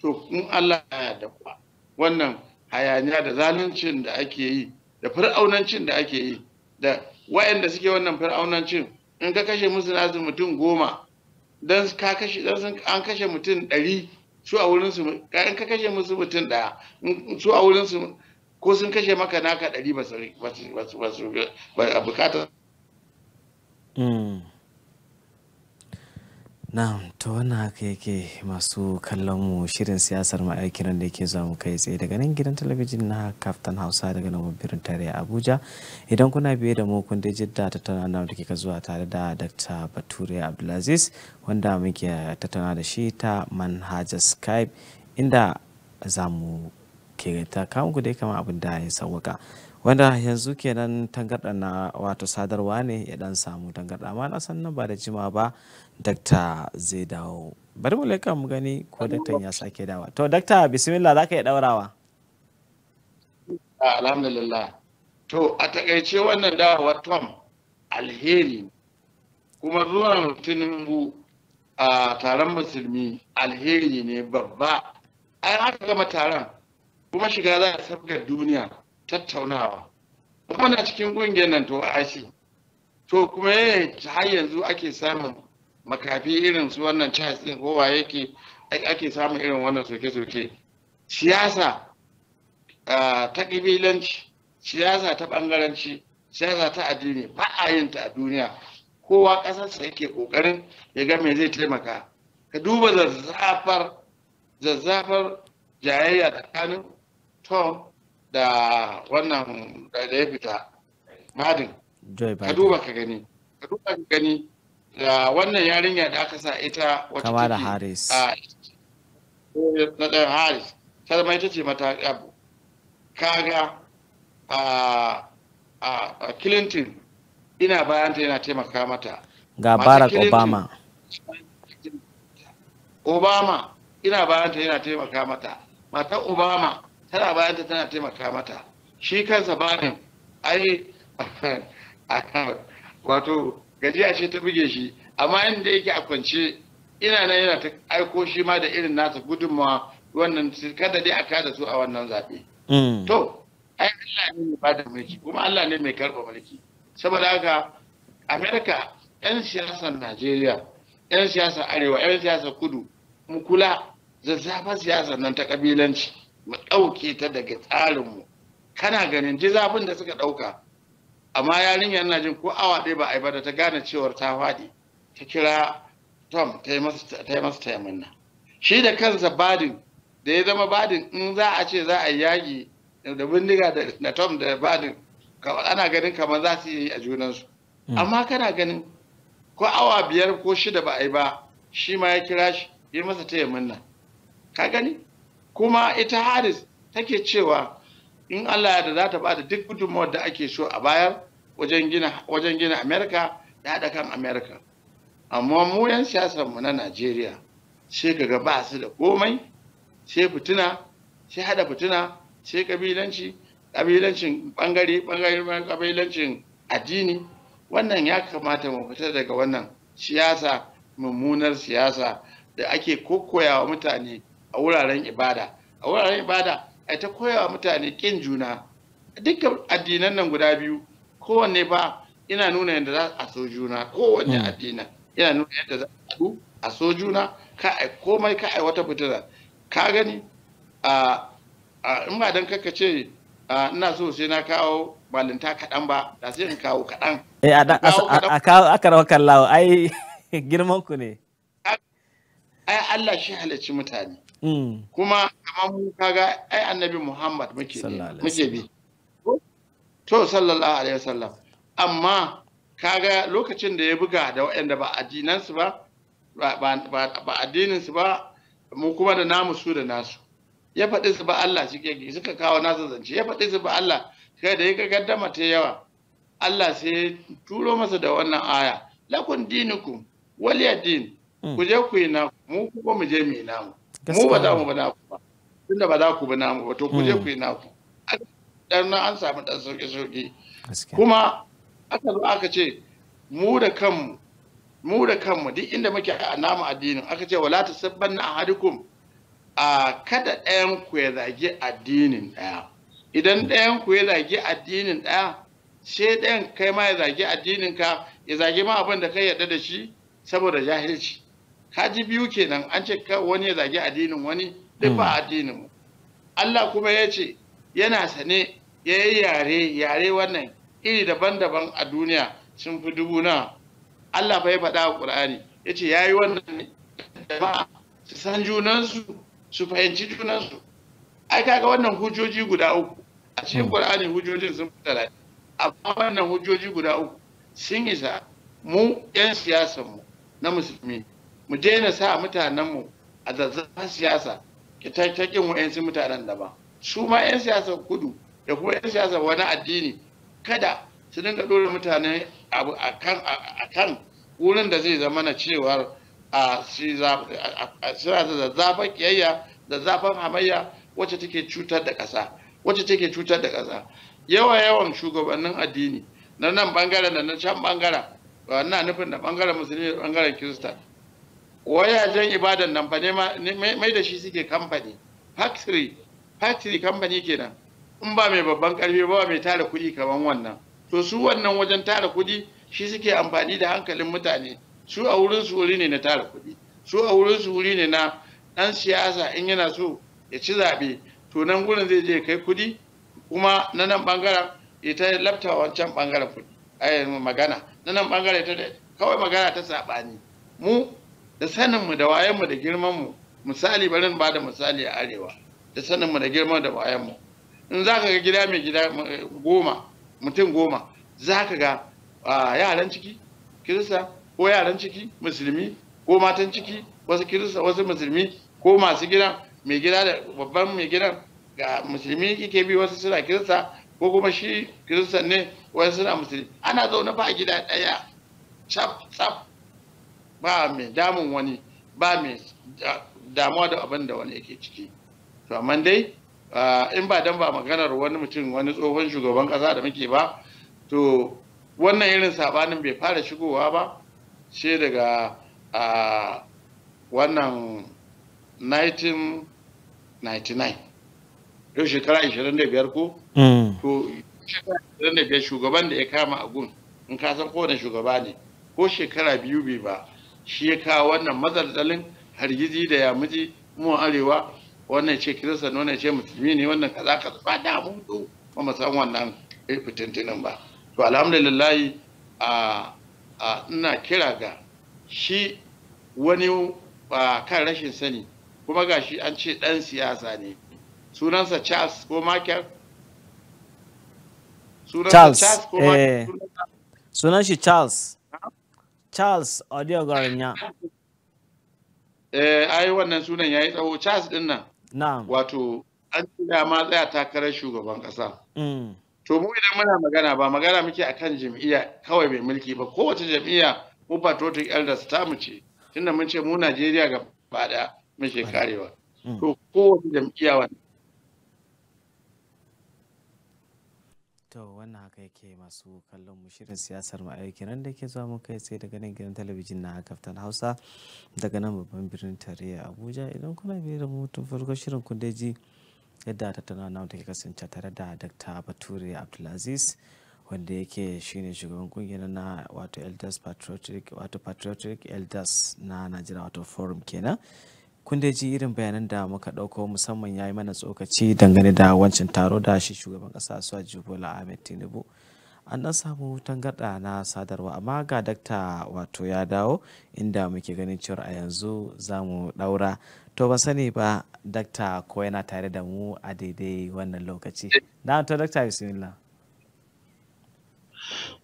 to in Allah ya yarda kuwa wannan hayaniya da zaluncin da ake yi da fir'aunancin da ake yi da wayanda suke wannan fir'aunancin in ka kashe musu nasu mutum goma dan ka kashe dan an kashe mutum ɗari su a wurin su in ka kashe musu mutum ɗaya su a wurin su ko sun kashe maka naka ɗari ba su bukatar Hmm. Na'am, to wannan haka yake masu kallon mu shirin siyasar mu da yake zuwa mu kai tsaye daga nan gidan talabijin na Kaftan Hausa daga nan birnin tarayya Abuja. Idan kuna biye da mu kun da jidda tattaunawa da kika zuwa tare da Dr. Bature Abdulaziz wanda muke tattauna da shi ta manhaja Skype inda za mu ke ta kawo ku dai kamar abin da ya sauwaka. wanda yanzu kenan tangarɗa na wato sadarwa ne ya dan samu tangarɗa amma na san nan ba da jima ba dakta zai dawo bari mu leka mu gani ko daktan ya sake dawa to dakta bismillah zaka iya daurawa ah, alhamdulillah to a takaice wannan dawa tom alheri kuma zuwan tinubu a taron musulmi alheri ne babba ai haka gama taron kuma shiga za a sabgar duniya tattaunawa muna cikin ƙungiyar nan to IC to kuma eh, har yanzu ake samun makafi irin su wannan Charles din kowa yake ake samun irin wannan soke-soke siyasa ta ƙabilanci siyasa ta ɓangaranci siyasa ta addini ba a yin ta a duniya kowa ƙasarsa yake ƙoƙarin ya ga me zai taimaka ka duba zazzafar zazzafar jayayya tsakanin tom da wannan da ya fita Madin. ka duba ka gani ka duba ka gani da wannan yarinya da aka sa ita wata kamala harris na ɗan haris ta mai ita ce mata abu kaga a a clinton ina ta yana taimaka mata ga barack obama obama ina bayan ta yana taimaka mata mata obama tana bayan ta tana taimaka mata shi kansa bayan ai wato gajiya ce ta buge shi amma inda yake a kwance ina nan yana ta aiko shi ma da irin nasa gudunmawa wannan kada dai a kada su a wannan zaɓe. Hmm. To, ai Allah ne mai bada mulki kuma Allah ne mai karɓa mulki. Saboda haka Amerika 'yan siyasar Najeriya, 'yan siyasar Arewa, 'yan siyasar Kudu, mu kula siyasar nan ta ƙabilanci. mu ɗauke ta daga tsarinmu kana ganin ji zafin da suka ɗauka amma yarinyar na jin ko awa ɗaya ba a yi ba da ta gane cewar ta faɗi ta kira tom ta yi masa taimunna shi da kansa badin da ya zama badin in za a ce za a yi yaƙi da bindiga da tom da badin ana ganin kamar za su yi a junansu hmm. amma kana ganin ko awa biyar ko shida ba a yi ba shi ma ya kira shi yi masa taya ka gani kuma ita haris take cewa in allah da za ta bada duk gudunmawar da ake so a bayar wajen gina wajen gina da haɗa kan Amerika amma mu yan siyasar mu na najeriya sai kaga ba su da komai sai fituna sai haɗa fituna sai kabilanci kabilancin bangare bangare kabilancin addini wannan ya kamata mu fita daga wannan siyasa mummunar siyasa da ake kokoyawa mutane a wuraren ibada a wuraren ibada a ta koyawa mutane kin juna dukkan addinan nan guda biyu kowanne ba ina nuna yadda za a so juna kowanne hmm. addina, ina nuna yadda za a so a so juna ka a komai ka a wata fitila, ka gani a in ba dan kaka ce ina so sai na kawo balinta kaɗan ba da sai in kawo kaɗan. Eh a kawo aka rawa kallawo ai girman ku ne. Ai Allah shi halicci mutane. Mm. kuma kamar mu kaga ai annabi Muhammad muke muke bi to sallallahu alaihi wasallam amma kaga lokacin da ya buga da waɗanda ba addinansu ba ba addininsu ba mu kuma da namu su da nasu ya faɗi su ba Allah suke suka kawo nasu zance ya faɗi su ba Allah kai da ya gaddama ta yawa Allah sai ya turo masa da wannan aya lakun dinukum waliya mm. ku je ku yi naku mu kuma mu je mu yi namu mu ba za mu ba naku ba tunda ba za ku ba namu ba to ku je ku yi naku dan an samu dan sauke sauke kuma aka zo aka ce mu da kanmu mu da kanmu duk inda muke a namu addinin aka ce wala na ahadukum a kada ɗayan ku ya zagi addinin ɗaya idan ɗayan ku ya zagi addinin ɗaya sai ɗayan kai ma ya zagi addinin ka ya zagi ma abin da kai yarda da shi saboda jahilci kaji biyu kenan an ce wani ya zagi addinin wani duk ba hmm. addinin mu Allah kuma ya ce yana sane ya yi yare yare wannan iri daban-daban a duniya sun fi dubu na Allah bai faɗa a Ƙur'ani ya ce ya yi wannan jama'a su san junansu su fahimci junansu ai kaga wannan hujjoji guda uku a cikin Ƙur'ani hmm. hujjojin sun fi talatin amma wannan hujjoji guda uku sun isa mu 'yan mu na musulmi mu daina sa mutanenmu a zazzafan siyasa ta kin wa'yansu mutanen da ba su ma 'yan siyasar kudu da kuma 'yan siyasar wani addini kada su dinga ɗora mutane abu a kan wurin da zai zama na cewar a suna da zazzafan kiyayya zazzafan hamayya wacce take cutar da ƙasa wacce take cutar da ƙasa yawa yawan shugabannin addini na nan bangaren da na can bangaren na nufin da bangaren musulmi da bangaren kirista wayajen ibadan nan fa ne mai da shi suke kamfani factory factory kamfani kenan in ba mai babban karfi ba mai tara kuɗi kaman wannan to su wannan wajen tara kuɗi shi suke amfani da hankalin mutane su a wurin su wuri ne na tara kuɗi su a wurin su wuri ne na ɗan siyasa in yana so ya ci zaɓe to nan gurin zai je kai kuɗi kuma na nan ɓangaren ta lafta wancan ɓangaren kuɗi magana na nan ɓangaren ta kawai magana ta saɓani mu da saninmu da wayanmu da girmanmu misali bari ba da misali a arewa da saninmu da girman da wayanmu in za ka ga gida mai gida eh, goma mutum goma za ka ga yaran ciki kirista ko yaran ciki musulmi ko matan ciki wasu kirista wasu musulmi ko masu gida, mai gida da babban mai gida ga musulmi kike bi wasu suna kirista ko kuma shi kirista ne wasu suna musulmi ana zaune ba a gida ɗaya tsaf tsaf ba mai damun wani ba mai damuwa da abin da wani yake ciki to amma dai in ba dan ba maganar wani mutum wani tsohon shugaban kasa da muke ba to wannan irin sabanin bai fara shigowa ba sai daga wannan 1999 yau shekara 25 ko mm. to shekara 25 shugaban da ya kama a gun in ka san kowane shugaba ne ko shekara biyu bai ba shi ya kawo wannan mazalzalin hargizi da yamuji mu arewa wannan ce kirista wannan ce musulmi ne wannan kaza kaza ba da mu do ba mu san wannan fitintinin ba to alhamdulillah a ina kira ga shi wani kan rashin sani kuma gashi an ce dan siyasa ne sunansa Charles ko Michael sunansa Charles ko Michael eh, sunan shi Charles Charles Odiogorin Eh, ai wannan sunan ya yi tsawo Charles din nan. Na'am. Wato an tsaya ma tsaya takarar shugaban kasa. Mm. To mu idan muna magana ba magana muke akan jam'iyya kawai mai mulki ba kowace jam'iyya mu patriotic elders ta mu ce tunda mun ce mu Najeriya gaba daya mun karewa. Mm. To kowace jam'iyya wannan To wannan haka yake masu kallon mu shirin siyasar mu aiki nan da ke zuwa mu kai sai daga nan gidan talabijin na kaftan Hausa daga nan babban birnin tarayya Abuja idan kuna bi da farko shirin kun ji yadda tattaunawa take kasance tare da Dr. Bature Abdulaziz wanda yake shine shugaban kungiyar na wato Elders Patriotic wato Patriotic Elders na Najeriya wato Forum kenan. kun dai ji irin bayanan da muka ɗauko musamman ya yi mana tsokaci dangane da wancan taro da shi shugaban ƙasa suwaji bola ahmed tinubu an ɗan samu tangarɗa na sadarwa amma ga dakta wato ya dawo inda muke ganin cewa a yanzu za mu ɗaura to ba sani ba dakta ko yana tare da mu a daidai wannan lokaci na to dakta bismillah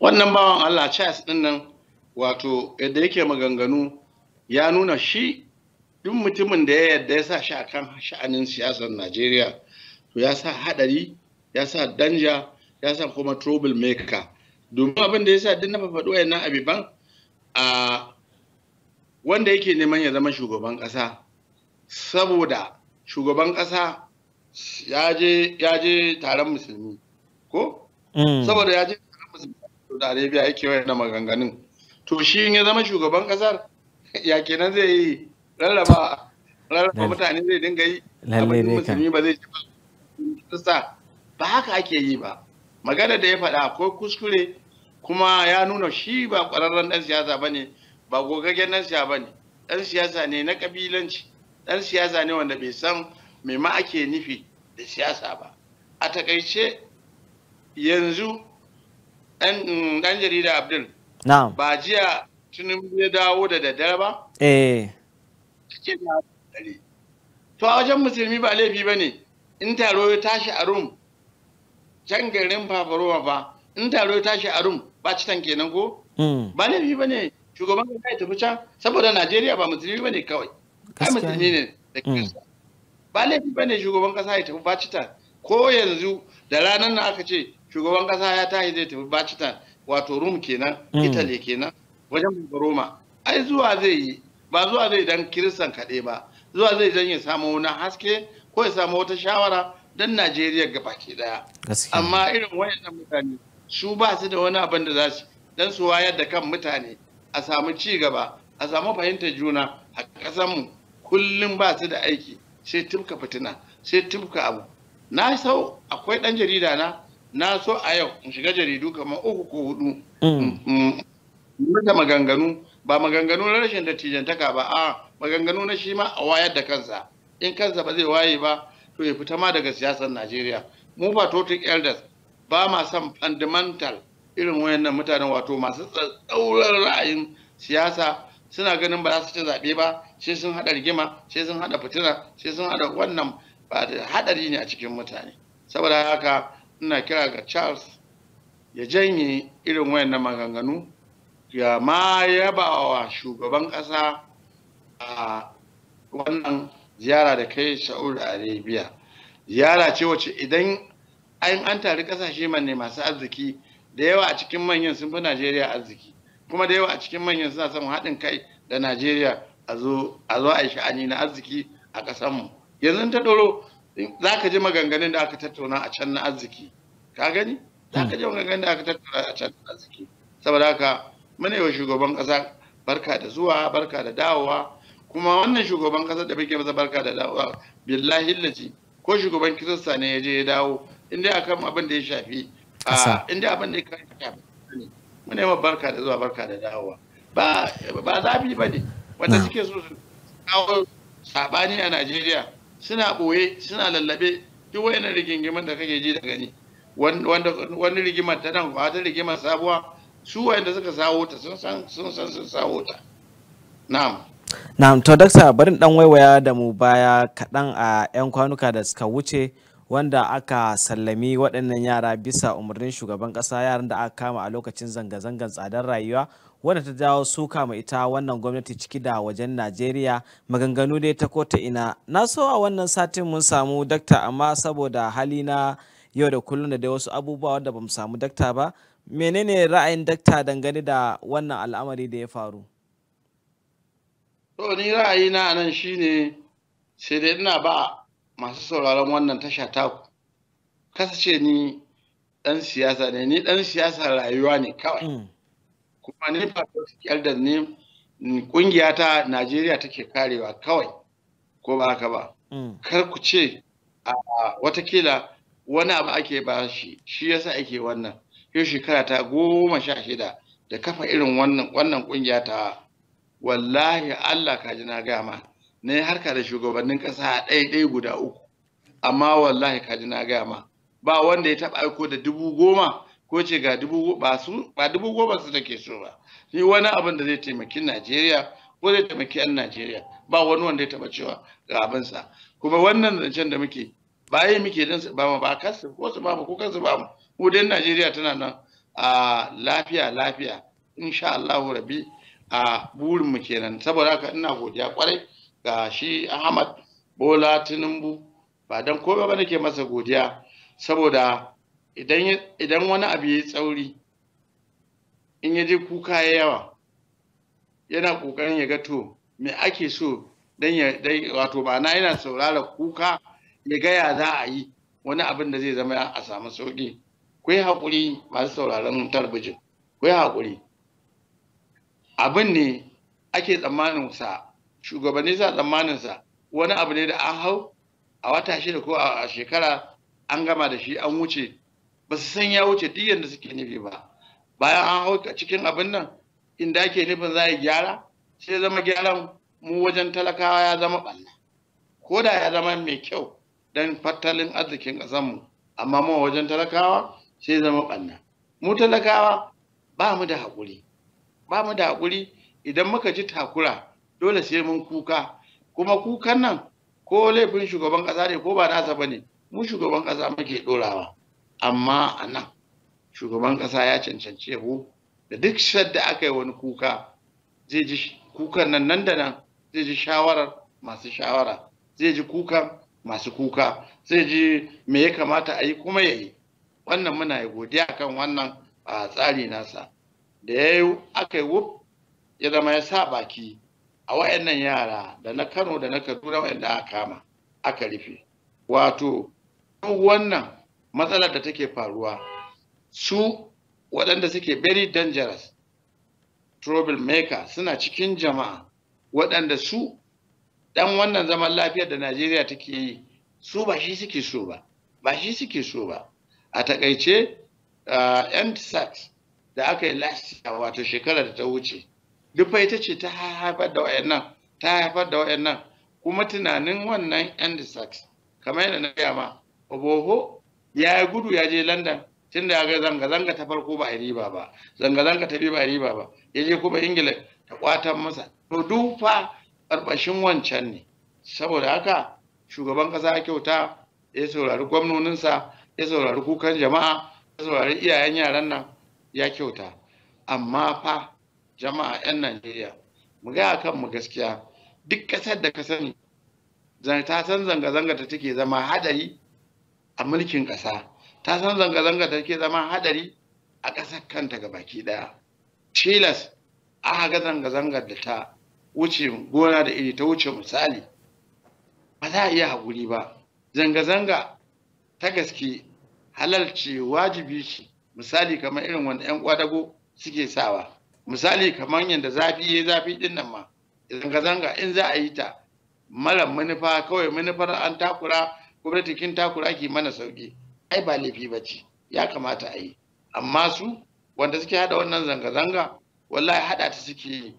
wannan bawan allah charles ɗin nan wato yadda yake maganganu ya nuna shi duk mutumin da ya yarda ya sa shi a kan sha'anin siyasar najeriya to ya sa haɗari ya sa danja ya sa kuma trouble maker domin abin da ya sa duk na faɗo wayannan abiban a wanda yake neman ya zama shugaban ƙasa saboda shugaban ƙasa ya je taron musulmi ko mm. saboda ya je taron musulmi da arabiya yake wayannan maganganun to shi ya zama shugaban ƙasar ya kenan zai yi rarraba rarraba mutane zai dinga yi abin musulmi ba zai ci ba ba haka ake yi ba magana da ya faɗa akwai kuskure kuma ya nuna shi ba ƙwararren ɗan siyasa ba ne ba gogaggen ɗan siyasa ba ne ɗan siyasa ne na ƙabilanci ɗan siyasa ne wanda bai san me ma ake nufi da siyasa ba a takaice yanzu ɗan jarida abdul ba jiya tunin ya dawo da daddare ba eh ce da dare to a wajen musulmi ba laifi ba ne in taro ya tashi a rum can garin fafarowa ba, in taro ya tashi a rum ba tanke kenan ko hmm. ba laifi ba ne shugaban kasa ya tafi can saboda najeriya ba musulmi ba ne kawai Kai musulmi ne da hmm. ba laifi ba ne shugaban kasa ya tafi bacitan ko yanzu da ranar na aka ce shugaban kasa ya tashi zai tafi bacitan wato rum kenan hmm. italy kenan wajen roma ai zuwa zai yi ba zuwa zai dan kiristan kaɗai ba zuwa zai dan ya samu wani haske ko ya samu wata shawara don najeriya ga baki daya amma irin wayannan mutane su ba su da wani abin da za su dan su wayar da kan mutane a samu ci gaba a samu fahimtar juna a mu kullum ba su da aiki sai tufka fitina sai tufka abu na sau akwai dan jarida na na so a yau in shiga jaridu kamar uku ko hudu da mm. Mm, mm, maganganu ba maganganu na rashin dattijantaka ba a maganganu na shi ma a wayar da kansa in kansa ba zai waye ba to ya fita ma daga siyasar najeriya mu ba total elders ba ma son fundamental irin wayannan mutanen wato masu tsauran ra'ayin siyasa suna ganin ba za su ci zaɓe ba sai sun haɗa rigima sai sun haɗa fitina sai sun haɗa wannan ba da haɗari ne a cikin mutane saboda haka ina kira ga charles ya janye irin wayannan maganganu ya ma yaba wa shugaban ƙasa a wannan ziyara da kai Saudi Arabia ziyara ce wacce idan an an tari ƙasashe manne masu arziki da yawa a cikin manyan sun fi Najeriya arziki kuma da yawa a cikin manyan suna samun haɗin kai da Najeriya a zo a yi sha'ani na arziki a ƙasanmu yanzu ta ɗoro za ka ji maganganun da aka tattauna a can na arziki ka gani za ka ji maganganun da aka tattauna a can na arziki saboda haka Mune wa shugaban kasa barka da zuwa barka da dawowa kuma wannan shugaban kasa da muke masa barka da dawowa billahi laji ko shugaban kirista ne ya je ya dawo inda akan abin da ya shafi inda abin da ya shafi mune wa barka da zuwa barka da dawowa ba ba zafi ba ne wanda suke so su kawo sabani a Najeriya suna ɓoye suna lallabe duk wayannan rigingimin da kake ji da gani wani rigimar ta nan ba ta rigimar sabuwa su wayanda suka sawo ta sun san sun san sun sawo ta na'am na'am to dakta barin dan waiwaya da mu baya kaɗan a 'yan kwanuka da suka wuce wanda aka sallami waɗannan yara bisa umarnin shugaban ƙasa yaran da aka kama a lokacin zanga-zangar tsadar rayuwa wanda ta jawo suka mai ita wannan gwamnati ciki da wajen najeriya maganganu dai ta kota ina na so a wannan satin mun samu dakta amma saboda hali na yau da kullum da dai wasu abubuwa wanda bamu samu dakta ba menene ra'ayin dakta dangane da wannan al'amari da ya faru to ni ra'ayi na nan shine sai dai ina ba masu sauraron wannan tasha taku ce ni dan siyasa ne ni dan siyasa rayuwa ne kawai hmm. kuma ni patriotic elders ne kungiya ta najeriya take karewa kawai ko ba haka ba hmm. kar ku ce a watakila wani abu ake ba shi shi yasa ake wannan yau shekara ta goma sha shida da kafa irin wannan wannan kungiya ta wallahi Allah ka ji na gaya ma na yi harka da shugabannin ƙasa ɗaiɗai guda uku amma wallahi ka ji na gaya ma ba wanda ya taɓa aiko da dubu goma ko ce ga dubu ba su ba dubu goma su take so ba ni wani abin da zai taimaki Najeriya ko zai taimaki 'yan Najeriya ba wani wanda ya taɓa cewa ga abinsa kuma wannan zancen da muke bayan muke dan su ba ma ba kansu ko su ba mu ko kansu ba mu kudin Najeriya tana nan a lafiya lafiya insha Allahu rabi a burinmu kenan saboda haka ina godiya kwarai ga shi Ahmad Bola Tinubu ba don kome ba nake masa godiya saboda idan wani abu ya tsauri in ya je kuka ya yawa yana kokarin ya ga to me ake so don ya wato ba na yana saurara kuka ya gaya za a yi wani abin da zai zama a samu sauki ku yi haƙuri masu sauraron talabijin ku yi haƙuri abin ne ake tsammanin sa shugabanni sa tsammanin sa wani abu ne da an hau a wata shida ko a shekara an gama da shi an wuce ba su san ya wuce duk yadda suke nufi ba bayan an hau cikin abin nan inda ake nufin za a gyara sai zama gyaran mu wajen talakawa ya zama ɓalla ko da ya zama mai kyau don fattalin arzikin mu, amma mu wajen talakawa sai zama ɓanna mu talakawa ba mu da haƙuri ba mu da haƙuri idan muka ji takura dole sai mun kuka kuma kukan nan ko laifin shugaban ƙasa ne ko ba nasa ba ne mu shugaban ƙasa muke ɗorawa amma a nan shugaban ƙasa ya cancanci yahu, da duk shadda aka yi wani kuka zai ji kukan nan nan da nan zai ji shawarar masu shawara zai ji kukan masu kuka zai ji me ya kamata a yi kuma ya yi wannan muna yi godiya kan wannan a tsari nasa da ya yi aka yi wuf ya zama ya sa baki a wayannan yara da na kano da na kaduna wayanda aka kama aka rufe wato wannan matsalar da take faruwa su waɗanda suke very dangerous maker, suna cikin jama'a waɗanda su ɗan wannan zaman lafiyar da najeriya take yi su ba shi suke so ba ba shi suke so ba a takaice yan da aka yi a wato shekarar da ta wuce duk fa ita ce ta haifar da wayannan ta haifar da wayannan kuma tunanin wannan yan sax kamar yadda na gaya ma oboho ya yi gudu ya je london tunda ya ga zanga-zanga ta farko ba a riba ba zanga-zanga ta biyu ba a riba ba ya je kuma ingila ta kwatan masa to dufa ƙarƙashin wancan ne saboda haka shugaban ƙasa kyauta ya saurari gwamnoninsa ya saurari kukan jama'a ya saurari iyayen yaran nan ya kyauta amma fa jama'a 'yan najeriya mu gaya kan mu gaskiya duk kasar da ka sani ta san zanga-zanga ta take zama hadari a mulkin ƙasa ta san zanga-zanga ta take zama hadari a ƙasar kanta ga baki ɗaya tilas aka ga zanga-zangar da ta wuce gona da iri ta wuce misali ba za a iya haƙuri ba zanga-zanga ta gaske halalci wajibi ce misali kamar irin wanda 'yan kwadago suke sawa misali kamar yadda zafi ya zafi din nan ma zanga-zanga in za a yi ta mara manufa kawai manufar an takura gwamnati takura ke mana sauki ai ba laifi ba ce ya kamata a yi amma su wanda suke hada wannan zanga-zanga wallahi hada ta suke yi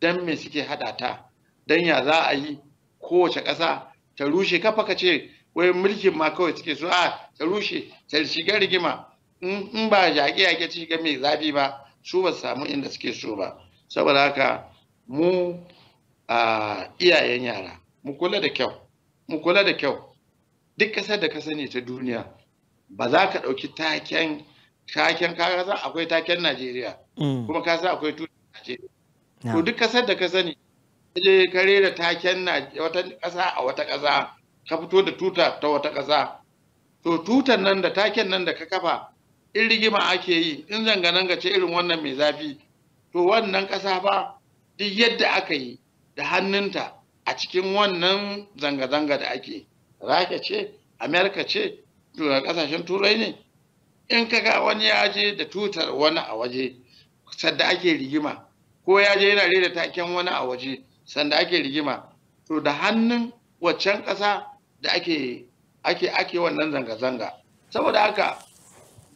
don me suke hada ta don ya za a yi kowace ƙasa ta rushe kafa ka ce wai mulkin ma kawai suke so a ah, ta rushe ta shiga rigima in ba yaƙe yaƙe ci shiga mai zafi ba su ba samu inda suke so ba saboda haka mu a iyayen yara mu kula da kyau mu kula da kyau duk ƙasar da ka sani ta duniya ba za ka ɗauki taken taken ka san akwai taken Najeriya mm. kuma ka san akwai tutar Najeriya to duk ƙasar da ka sani je ka rera taken wata ƙasa a wata ƙasa ka fito da tuta ta wata ƙasa to tutan nan da taken nan da ka kafa in rigima ake yi in zanga-zanga ce irin wannan mai zafi to wannan ƙasa ba duk yadda aka yi da hannunta a cikin wannan zanga-zanga da ake raka ce amerika ce ƙasashen turai ne in ka ga wani ya je da tutar wani a waje sanda ake rigima ko ya je yana rera taken wani a waje sanda ake rigima to da hannun waccan ƙasa da ake ake ake wannan zanga-zanga saboda haka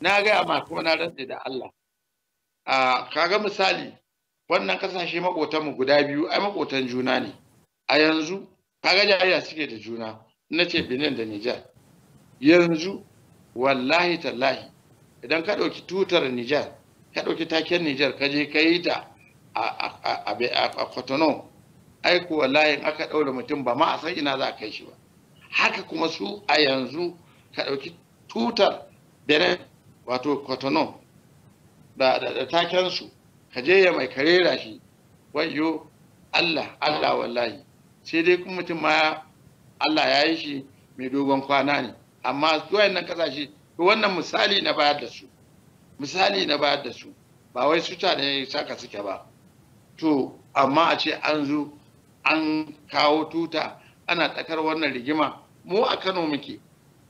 na gaya ma kuma na rantse da Allah a kaga misali wannan kasashe makotanmu guda biyu ai makotan juna ne a yanzu kaga jariya suke da juna na ce Benin da Nijar yanzu wallahi tallahi idan ka ɗauki tutar Nijar ka ɗauki taken Nijar ka je ka yi ta a Cotonou ai wallahi layin aka ɗaure mutum ba ma a san ina za a kai shi ba haka kuma su a yanzu ka ɗauki tutar benin wato kotono da, takensu ka je ya mai karera shi wayo allah allah wallahi sai dai kuma mutum ma allah ya yi shi mai dogon kwana ne amma zuwa nan kasashe wannan misali na bayar da su misali na bayar da su ba wai suta ne saka suke ba to amma a ce an zo an kawo tuta ana tsakar wannan rigima mu a Kano muke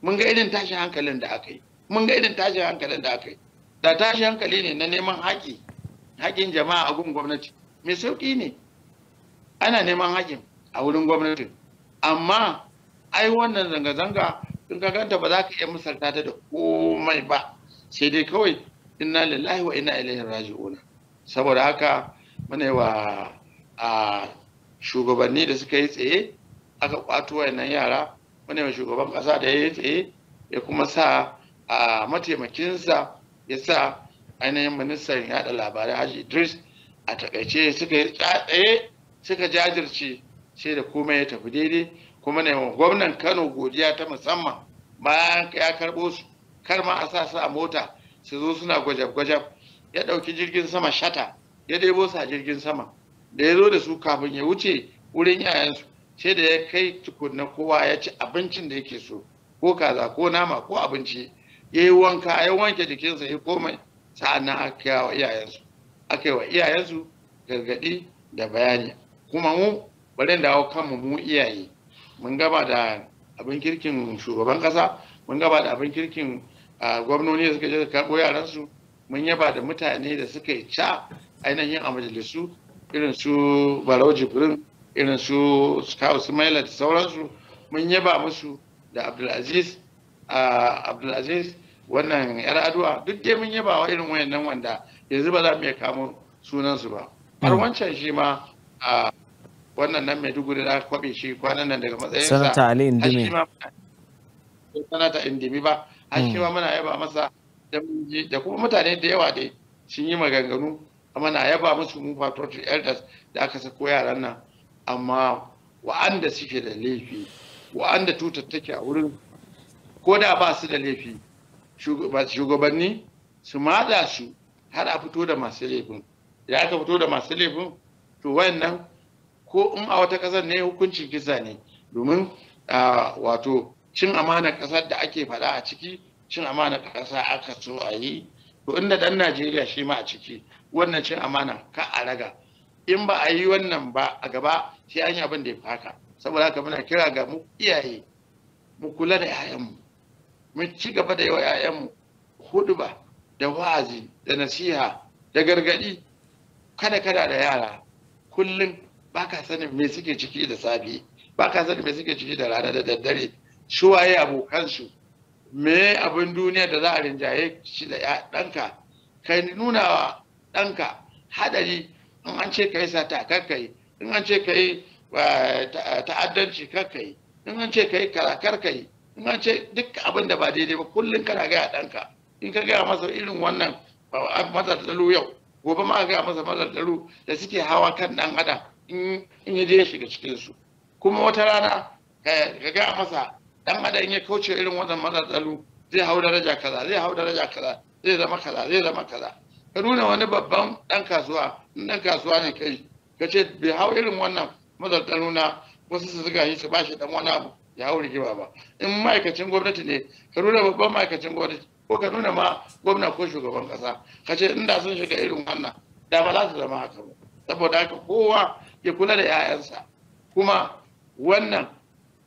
mun ga irin tashin hankalin da aka yi mun ga irin tashin hankalin da aka yi da tashin hankali ne na neman haƙi haƙin jama'a a gun gwamnati mai sauƙi ne ana neman haƙin a wurin gwamnati? amma ai wannan zanga-zanga in ka ganta ba za ka iya misalta ta da komai ba sai dai kawai inna lillahi wa inna ilaihi raji'una saboda haka muna wa a ah, shugabanni da suka yi tsaye aka kwato wayannan yara mai shugaban ƙasa da ya tsaye ya kuma sa a mataimakinsa ya sa ainihin ministan yada labarai haji idris a takaice suka yi tsaye suka jajirce sai da komai ya tafi daidai kuma ne gwamnan kano godiya ta musamman bayan ya karɓo su kar ma a sa su a mota su zo suna gwajab-gwajab ya ɗauki jirgin sama shata ya ɗebo su a jirgin sama da ya zo da su kafin ya wuce wurin yayansu sai da ya kai tukunna kowa ya ci abincin da yake so ko kaza ko nama ko abinci ya yi wanka ya wanke jikinsa ya komai sa'annan aka yi iyayensu aka yi wa iyayensu gargaɗi da bayani kuma mu bari dawo kanmu mu iyaye mun gaba da abin kirkin shugaban kasa mun gaba da abin kirkin gwamnoni da suka je karɓo yaransu mun yaba da mutane da suka yi ca ainihin a majalisu irin su barau jibrin irin su kawo sumaila da sauransu mun yaba musu da abdulaziz abdulaziz wannan yar aduwa duk dai mun yaba wa irin wayannan wanda yanzu ba za mu iya kamo sunansu ba har mm. wancan shi ma a wannan nan maiduguri da aka kwabe shi kwanan nan daga matsayin sanata ali indimi sanata indimi ba har shi mm. ma muna yaba masa da kuma mutane da yawa dai sun yi maganganu amma na yaba musu mu patriotic elders da aka sako yaran nan amma wa'anda suke da laifi wa'anda tutar take a wurin ko da ba su da laifi shugabanni su mada su har a fito da masu laifin ya aka fito da masu laifin to wayannan ko in a wata ƙasar ne hukuncin kisa ne domin wato cin amanar ƙasar da ake faɗa a ciki cin amanar ƙasa aka so a yi to inda ɗan najeriya shi ma a ciki wannan cin amana ka a raga in ba a yi wannan ba a gaba sai an yi abin da ya fi saboda haka muna kira ga mu iyaye mu kula da 'ya'yanmu mu ci gaba da yawa 'ya'yanmu huduba da wa'azi da nasiha da gargaɗi kada kada da yara kullum ba ka sanin me suke ciki da safe ba ka sanin me suke ciki da rana da daddare shuwaye abokansu me abin duniya da za a rinjaye shi da ɗanka ka nuna wa ɗanka haɗari in an ce ka yi sata karka yi in an ce ka yi ta'addanci karka yi in an ce ka yi karakar karka yi in an ce duk abin da ba daidai ba kullum kana gaya ɗanka in ka gaya masa irin wannan matsalolu yau gobe ma ga gaya masa matsalolu da suke hawa kan ɗan adam in ya je shiga cikinsu kuma wata rana ka gaya masa ɗan adam in ya kauce irin wannan matsalolu zai hau daraja kaza zai hau daraja kaza zai zama kaza zai zama kaza ka nuna wani babban ɗan kasuwa ɗan kasuwa ne kai ka ce bai hau irin wannan mazarta nuna wasu su zuga shi su ba shi dan wani abu ya hau rigima ba in ma'aikacin gwamnati ne ka nuna babban ma'aikacin gwamnati ko ka nuna ma gwamna ko shugaban kasa ka ce inda sun shiga irin wannan da ba za su zama haka ba saboda haka kowa ya kula da 'ya'yansa kuma wannan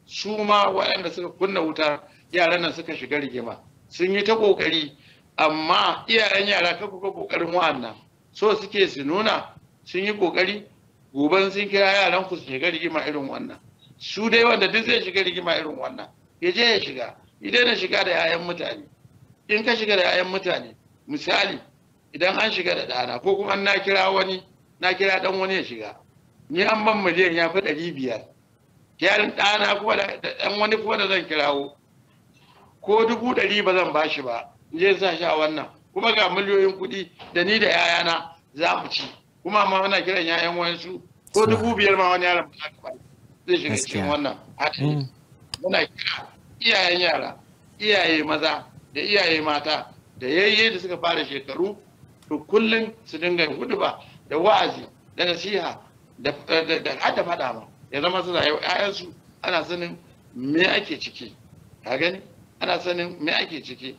su ma waɗanda suka kunna wuta yaran nan suka shiga rigima sun yi ta ƙoƙari amma iyayen yara ka kuka kokarin wa'annan so suke su nuna sun yi kokari goban sun kira yaran ku su shiga rigima irin wannan su dai wanda duk zai shiga rigima irin wannan ya je ya shiga idan na shiga da yayan mutane in ka shiga da yayan mutane misali idan an shiga da ɗana ko kuma na kira wani na kira dan wani ya shiga ni an ban miliyan ya fi ɗari biyar yarin ɗana kuma da ɗan wani kuma da zan kirawo ko dubu ɗari ba zan bashi ba zai sa shi a wannan kuma ga miliyoyin kuɗi da ni da yayana za mu ci kuma ma muna kiran yayan wayansu ko dubu biyar ma wani yaron ba zai shiga cikin wannan haɗari mm. muna kira iyayen yara iyaye maza da iyaye mata da yayye da suka fara shekaru to kullum su dinga huduba da wa'azi da nasiha da hada faɗa ma ya zama suna yau 'ya'yansu ana sanin me ake ciki ka gani ana sanin me ake ciki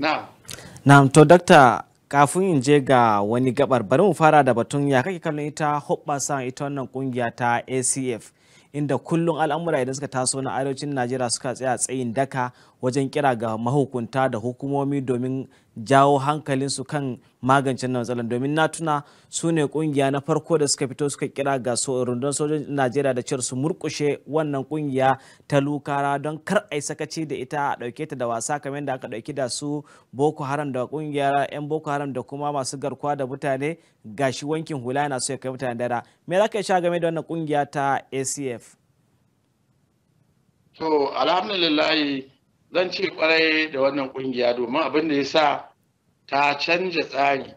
Na'am. to dakta kafin in je ga wani gabar bari mu fara da batun ya kake kallon ita hoɓɓasa ita wannan kungiya ta ACF. inda kullum al'amura idan suka taso na arewacin najeriya suka tsaya tsayin daka wajen kira ga mahukunta da hukumomi domin jawo hankalinsu kan magance matsalar domin na tuna su ne kungiya na farko da suka fito suka kira ga rundun sojojin najeriya da cewar su murkushe wannan kungiya ta lukara don kar a yi sakaci da ita a ɗauke ta da wasa kamar da aka ɗauki da su boko haram da kungiyar yan boko haram da kuma masu garkuwa da mutane gashi wankin hula yana so ya kai mutane dara me za ka yi sha game da wannan kungiya ta acf to alhamdulillah. zan ce kwarai da wannan kungiya domin abin da ya sa ta canja tsari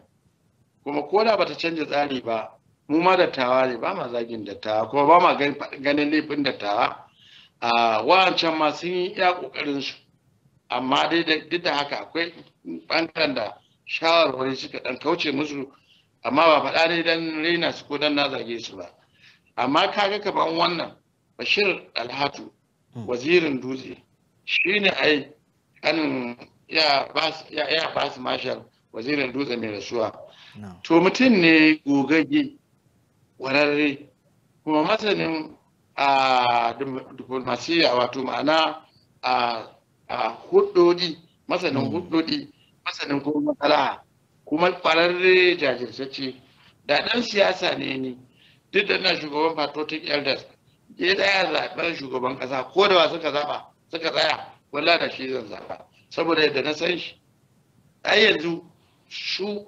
kuma ko da bata canja tsari ba mu ma dattawa ne ba ma zagin dattawa kuma ba ma ganin laifin dattawa a wancan ma sun yi iya kokarin su amma dai duk da haka akwai bankan da shawarwari suka dan kauce musu amma ba faɗa ne dan raina su ko dan na zage su ba amma kaga kaman wannan bashir alhatu hmm. wazirin dutse shine ai kanin ya ba su marshal wazirin dutse mai rasuwa to mutum ne gogage wararre kuma masanin a diplomasiya wato ma'ana a hudodi masanin mm. hudodi masanin kuma matsala kuma kwararre jajirtacce da ɗan siyasa ne ni duk da na shugaban patriotic elders ya daya zaɓar shugaban ƙasa ko da wasu ka zaɓa suka tsaya wallahi da shi zan zaba saboda yadda na san shi ai yanzu su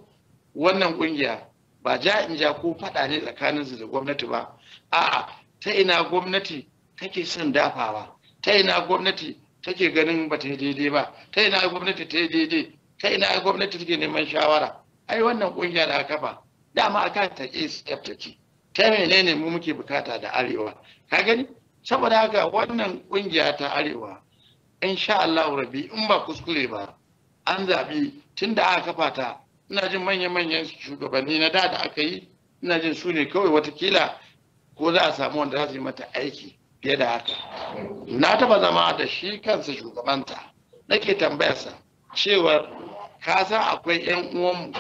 wannan kungiya ba ja in ja ko faɗa ne tsakanin su da gwamnati ba a'a ta ina gwamnati take son dafawa ta ina gwamnati take ganin ba ta yi daidai ba ta ina gwamnati ta yi daidai ta ina gwamnati take neman shawara ai wannan kungiya da aka ba dama akan ta ACF take ta menene mu muke bukata da arewa ka gani saboda haka wannan kungiya ta arewa insha Allah rabi in ba kuskure ba an zabi tun da aka kafa ta ina jin manya-manyan shugabanni na da da aka yi ina jin su ne kawai watakila ko za a samu wanda za yi mata aiki fiye da haka na taba zama da shi kansa shugabanta nake tambayarsa cewar ka san akwai 'yan uwan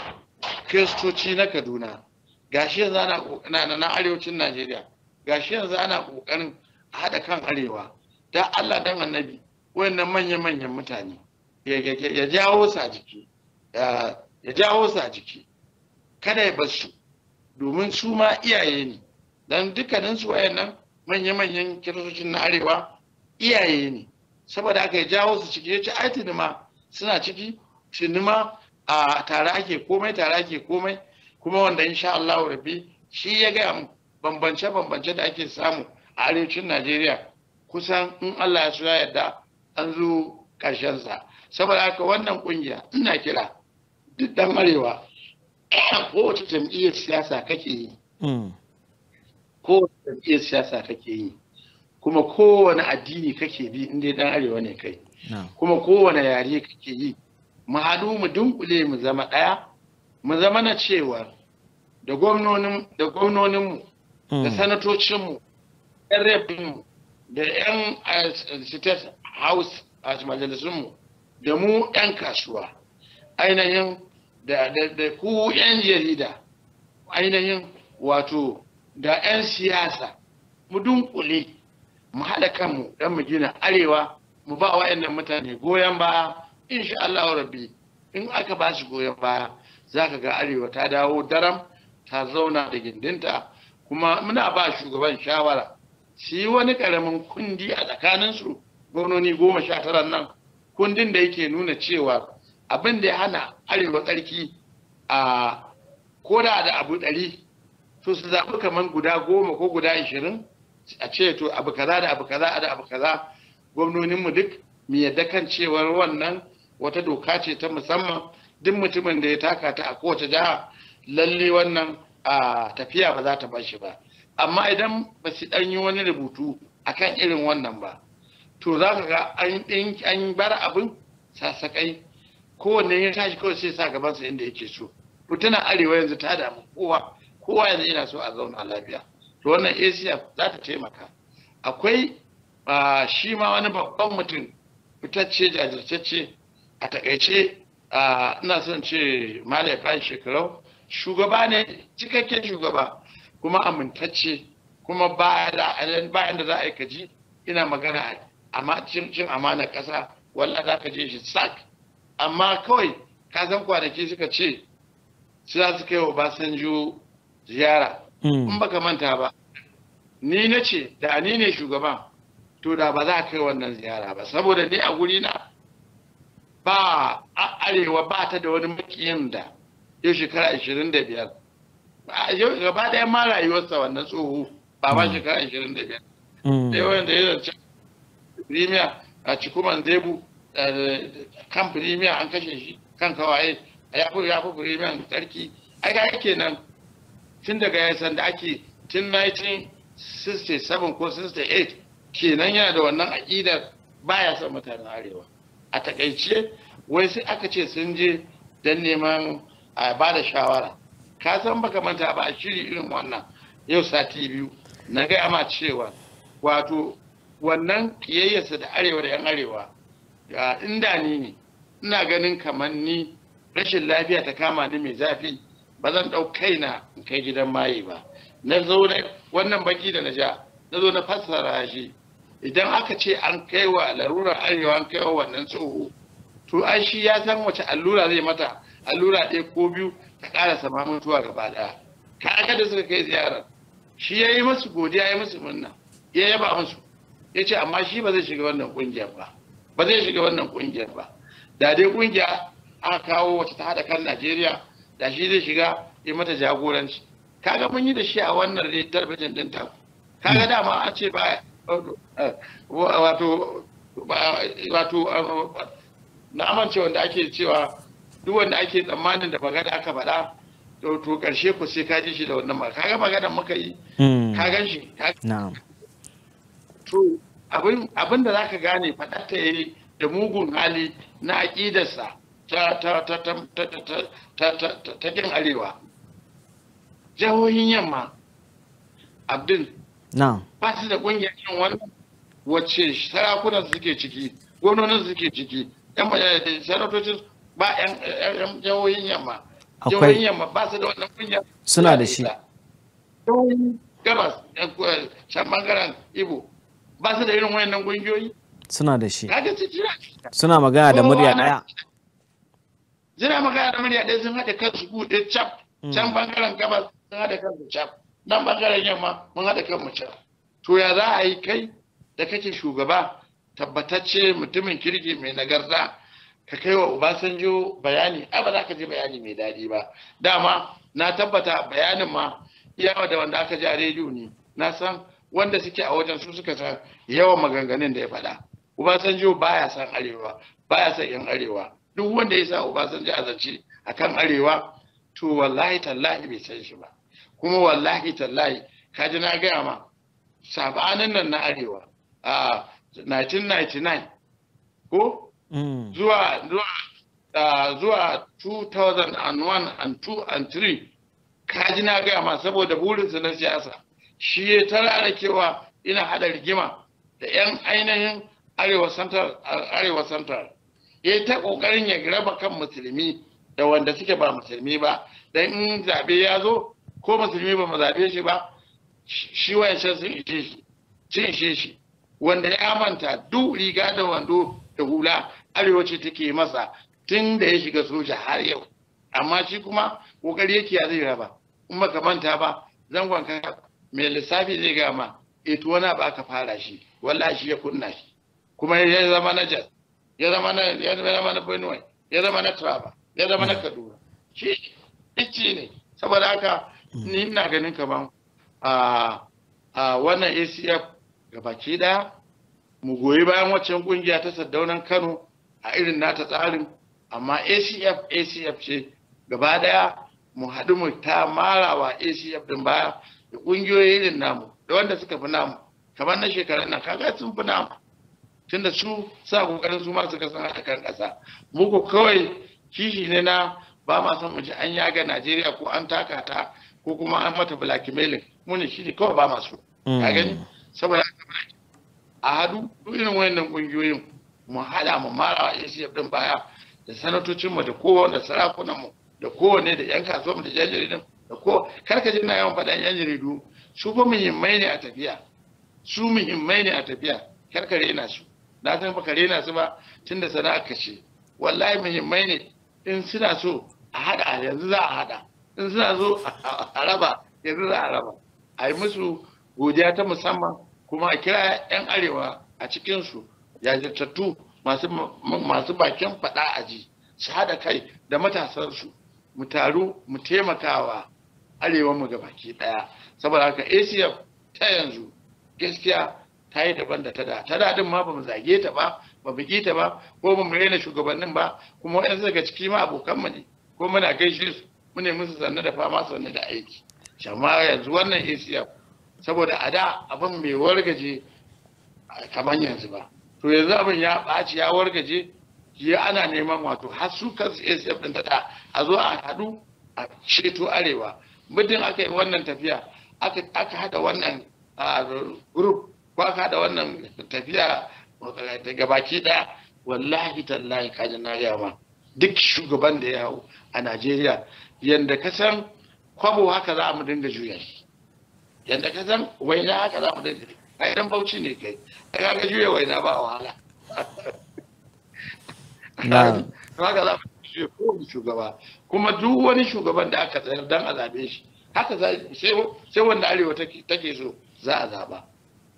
kiristoci na kaduna gashi yanzu ana na arewacin najeriya gashi yanzu ana kokarin a haɗa kan arewa da Allah dan annabi wannan manya-manyan mutane ya jawo su a jiki ya jawo su jiki kada ya bar su domin su ma iyaye ne don dukkanin su wayannan manya-manyan kiristocin na arewa iyaye ne saboda aka ya jawo su ciki ya ci ai tunuma suna ciki tunuma a tare ake komai tare ake komai kuma wanda insha Allah rabbi shi ya gaya bambance-bambance da ake samu a arewacin najeriya kusan in allah ya ya yadda an zo ƙarshensa saboda haka wannan kungiya ina kira duk dan arewa kowace jam'iyyar siyasa kake yi mm. kowace jam'iyyar siyasa kake yi kuma kowane addini kake bi in dai dan arewa ne kai kuma kowane yare kake yi mu haɗu mu dunkule mu zama ɗaya mu zama na cewa da gwamnoninmu da mm. sanatocinmu yan rep da yan state house a majalisunmu da mu yan kasuwa ainihin da ku yan jarida ainihin wato da yan siyasa mu dunkule mu haɗa kanmu don mu gina arewa mu ba wa'annan mutane goyon baya insha Allah rabbi in aka ba su goyon baya za ka ga arewa ta dawo daram ta zauna da gindinta kuma muna ba shugaban shawara Shi wani karamin kundi a tsakaninsu gwamnoni goma sha tara nan kundin da yake nuna cewa abin da ya hana arewa tsarki a koda da abu ɗari to su zaɓi kamar guda goma ko guda ashirin a ce to abu kaza da abu kaza da abu kaza gwamnoninmu duk mu yadda kan cewar wannan wata doka ce ta musamman duk mutumin da ya taka ta a kowace jiha lalle wannan a tafiya ba za ta bashi ba amma idan ba su yi wani rubutu a kan irin wannan ba to za ka ga an yi bar abin sasakai kowanne ya tashi kawai sai sa gabansa inda yake so fitinan arewa yanzu ta damu kowa kowa yanzu yana so a zauna lafiya to wannan asia za ta taimaka akwai shi ma wani babban mutum fitacce jajirtacce a takaice ina son ce malaya ya shekarau shugaba ne cikakken shugaba kuma amintacce kuma ba da za a yi kaji ina magana amma cin amana kasa wallah za ka je shi sak amma kawai ka san kwanaki suka ce su za su kai wa basanjo ziyara hmm. in baka manta ba ni na ce da ni ne shugaban to da ba za a kai wannan ziyara ba saboda ni a guri na ba a arewa ba ta da wani makiyin da yau shekara 25 gaba ɗaya ma rayuwarsa wannan tsoho ba ma mm. shekara ashirin da biyar mm. sai wanda ya zance premier a cikuman zebu kan premier an kashe shi kan kawai ya fi ya fi premier tsarki ai ga nan tun daga yasan da ake tun 1967 ko 68 kenan yana da wannan aƙidar baya son mutanen arewa a takaice wai sai aka ce sun je don neman a ba da shawara ka san baka manta ba a shiri irin wannan yau sati biyu na ga ma cewa wato wannan kiyayyarsa da arewa da yan arewa ga inda ni ne ina ganin kamar ni rashin lafiya ta kama ni mai zafi ba zan ɗau kaina in kai gidan maye ba na zo na wannan baki da na ja na zo na fassara shi idan aka ce an kai wa larurar arewa an kai wa wannan tsoho to ai shi ya san wace allura zai mata allura ɗaya ko biyu ka karasa ma mutuwa gaba daya kaga da suka kai ziyarar shi ya yi masu godiya ya yi masu murna ya yaba musu ya ce amma shi ba zai shiga wannan kungiyar ba ba zai shiga wannan kungiyar ba da dai kungiya aka kawo wacce ta haɗa kan najeriya da shi zai shiga ya mata jagoranci kaga mun yi da shi a wannan ne talabijin din ta kaga dama an ce ba wato wato na amince wanda ake cewa duk wanda ake tsammanin da magana aka faɗa to to karshe ku sai ka ji shi da wannan ma kaga magana muka yi ka gan shi na'am to abin abin da zaka gane faɗa ta yi da mugun hali na aƙidarsa ta ta ta ta ta ta ta ta kin arewa jihohin yamma abdul na'am ba su da ƙungiyar yin wannan wace sarakunan suke ciki gwamnonin suke ciki yan sanatocin ba yan jihohin yamma jihohin yamma ba su da wannan kunya suna da shi jihohin gabas eh, can bangaren ibo ba su da irin wayannan kungiyoyi suna da shi suna magana da murya daya suna magana da murya daya sun haɗa kansu buɗe cap hmm. can bangaren gabas sun haɗa kansu cap nan bangaren yamma mun hada kanmu cap to ya za a yi kai da kake shugaba tabbatacce mutumin kirki mai nagarta ka kai wa Obasanjo bayani ai ba za ka ji bayani mai daɗi ba dama na tabbata bayanin ma iyawa da wanda aka ji a rediyo ne na san wanda suke a wajen su suka san yawan maganganun da ya faɗa Obasanjo baya san arewa baya san yan arewa duk wanda ya sa Obasanjo a zance akan arewa to wallahi tallahi bai san shi ba kuma wallahi tallahi kaji na gaya ma sabanin nan na arewa a 1999 ko zuwa zuwa zuwa 2001 and 2 and 3 kaji na gaya ma saboda burinsu na siyasa shi ya tara da kewa ina hada rigima da 'yan ainihin arewa central arewa central ya ta kokarin ya raba kan musulmi da wanda suke ba musulmi ba dan in zabe ya zo ko musulmi ba mu zabe shi ba shi wayancan sun ishe shi cin ishe shi wanda ya manta duk riga da wando da hula arewa ce take masa tun da ya shiga soja har yau amma shi kuma kokari yake ya zai raba in baka manta ba zangon ka mai lissafi zai gama eto eh, wani ba aka fara shi wallahi shi ya kunna shi kuma ya zama na jas ya zama na ya zama na benue ya zama na traba ya zama na kaduna shi ice ne saboda haka ni ina ganin kaman a a wannan acf gabaki daya mu goyi bayan waccan kungiya ta saddaunan kano a irin nata tsarin amma acf acf ce gaba daya mu haɗu mu ta marawa acf din baya da ƙungiyoyi irin namu da wanda suka fi namu kamar na shekarun nan kaga sun fi namu tunda su sa ƙoƙarin su ma suka san haɗa kan ƙasa mu ko kawai kishi ne na ba ma san mu ji an yaga najeriya ko an taka ta ko kuma an mata blackmailing mu ne shi ne kawai ba ma so ka gani mm. saboda a haɗu irin wayannan ƙungiyoyin mu hada mu mara wa ACF din baya da sanatocin mu da kowane sarakunan mu da kowane da yan kasuwa mu da yan jaridun da ko karka ji na yawan faɗan yan jaridu su fa muhimmai ne a tafiya su muhimmai ne a tafiya karka rena su na san baka rena su ba tunda sana'a kashe. ce wallahi muhimmai ne in suna so a hada yanzu za a hada in suna so a raba yanzu za a raba a yi musu godiya ta musamman kuma a kira 'yan arewa a cikinsu jajirtattu masu masu bakin faɗa ji su haɗa kai da matasansu mu taru mu taimakawa arewa mu ga baki ɗaya saboda haka acf ta yanzu gaskiya ta yi daban da tada tada din ma ba mu zage ta ba ba mu ta ba ko ba mu raina shugabannin ba kuma wa'yansu daga ciki ma abokan mu ne ko muna gaishe su mu ne musu sanne da fama sanne da aiki amma yanzu wannan acf saboda a da abin mai wargaje kamar yanzu ba to yanzu abin ya ɓaci ya wargaje ya ana neman wato har su kansu asf ɗin ta a zo a haɗu a ceto arewa muddin aka yi wannan tafiya aka haɗa wannan group ko aka haɗa wannan tafiya daga eh, baki ɗaya wallahi tallahi kajin na gaya ma duk shugaban da ya hau a najeriya yadda ka san kwabo haka za mu dinga juya yadda ka san waina haka za mu dinga ai bauchi ne kai ai ga wai na ba wahala na haka ga zaka ko shugaba kuma duk wani shugaban da aka tsayar dan a zabe shi haka sai wanda arewa take zo za a zaba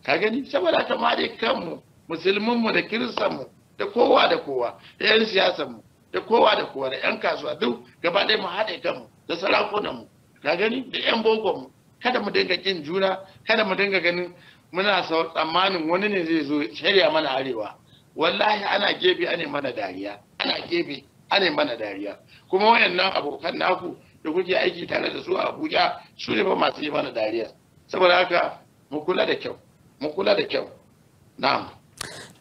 ka gani saboda ta mare kanmu mu da mu da kowa da kowa da 'yan mu da kowa da kowa da 'yan kasuwa duk gaba ɗaya mu haɗe kanmu da sarakunan ka gani da 'yan mu, kada mu dinga kin juna kada mu dinga ganin muna sau tsammanin wani ne zai zo shirya mana arewa wallahi ana gefe ana mana dariya ana gefe ana mana dariya kuma wayannan abokan naku da kuke aiki tare da su a Abuja su ne fa masu yi mana dariya saboda haka mu kula da kyau mu kula da kyau na'am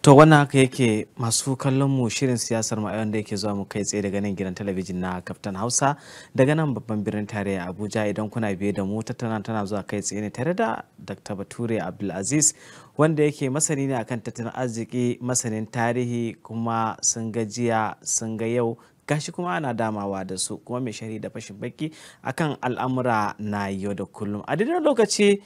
To wannan haka yake masu kallon mu shirin siyasar mu da yake zuwa mu kai tsaye daga nan gidan talabijin na Kaftan Hausa daga nan babban birnin tarayya Abuja idan kuna biye da mu tattalin tana zuwa kai tsaye ne tare da Dr. Bature Abdulaziz wanda yake masani ne akan tattalin arziki masanin tarihi kuma sun gajiya sun ga yau gashi kuma ana damawa da su kuma mai shari da fashin baki akan al'amura na yau da kullum a daidai lokaci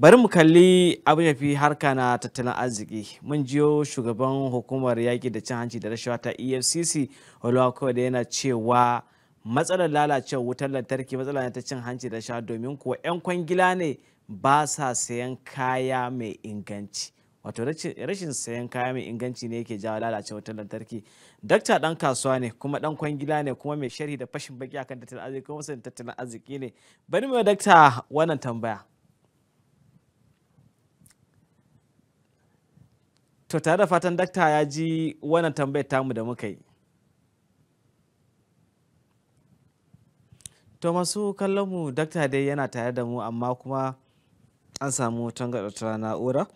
bari mu kalli abin ya fi harka na tattalin arziki mun jiyo shugaban hukumar yaƙi da cin hanci da rashawa ta efcc da yana cewa matsalar lalacewar wutar lantarki matsalar ta cin hanci da rashawa domin kuwa 'yan kwangila ne ba sa sayan kaya mai inganci wato rashin sayan kaya mai inganci ne yake jawo lalacewar wutar lantarki dakta dan kasuwa ne kuma dan kwangila ne kuma mai sharhi da fashin baki akan tattalin arziki kuma tattalin arziki ne bari mu dakta wannan tambaya to tare da fatan dakta ya ji wannan tambayar tamu da muka yi to masu kallon mu dakta dai yana tare da mu amma kuma an samu tangarɗar na'ura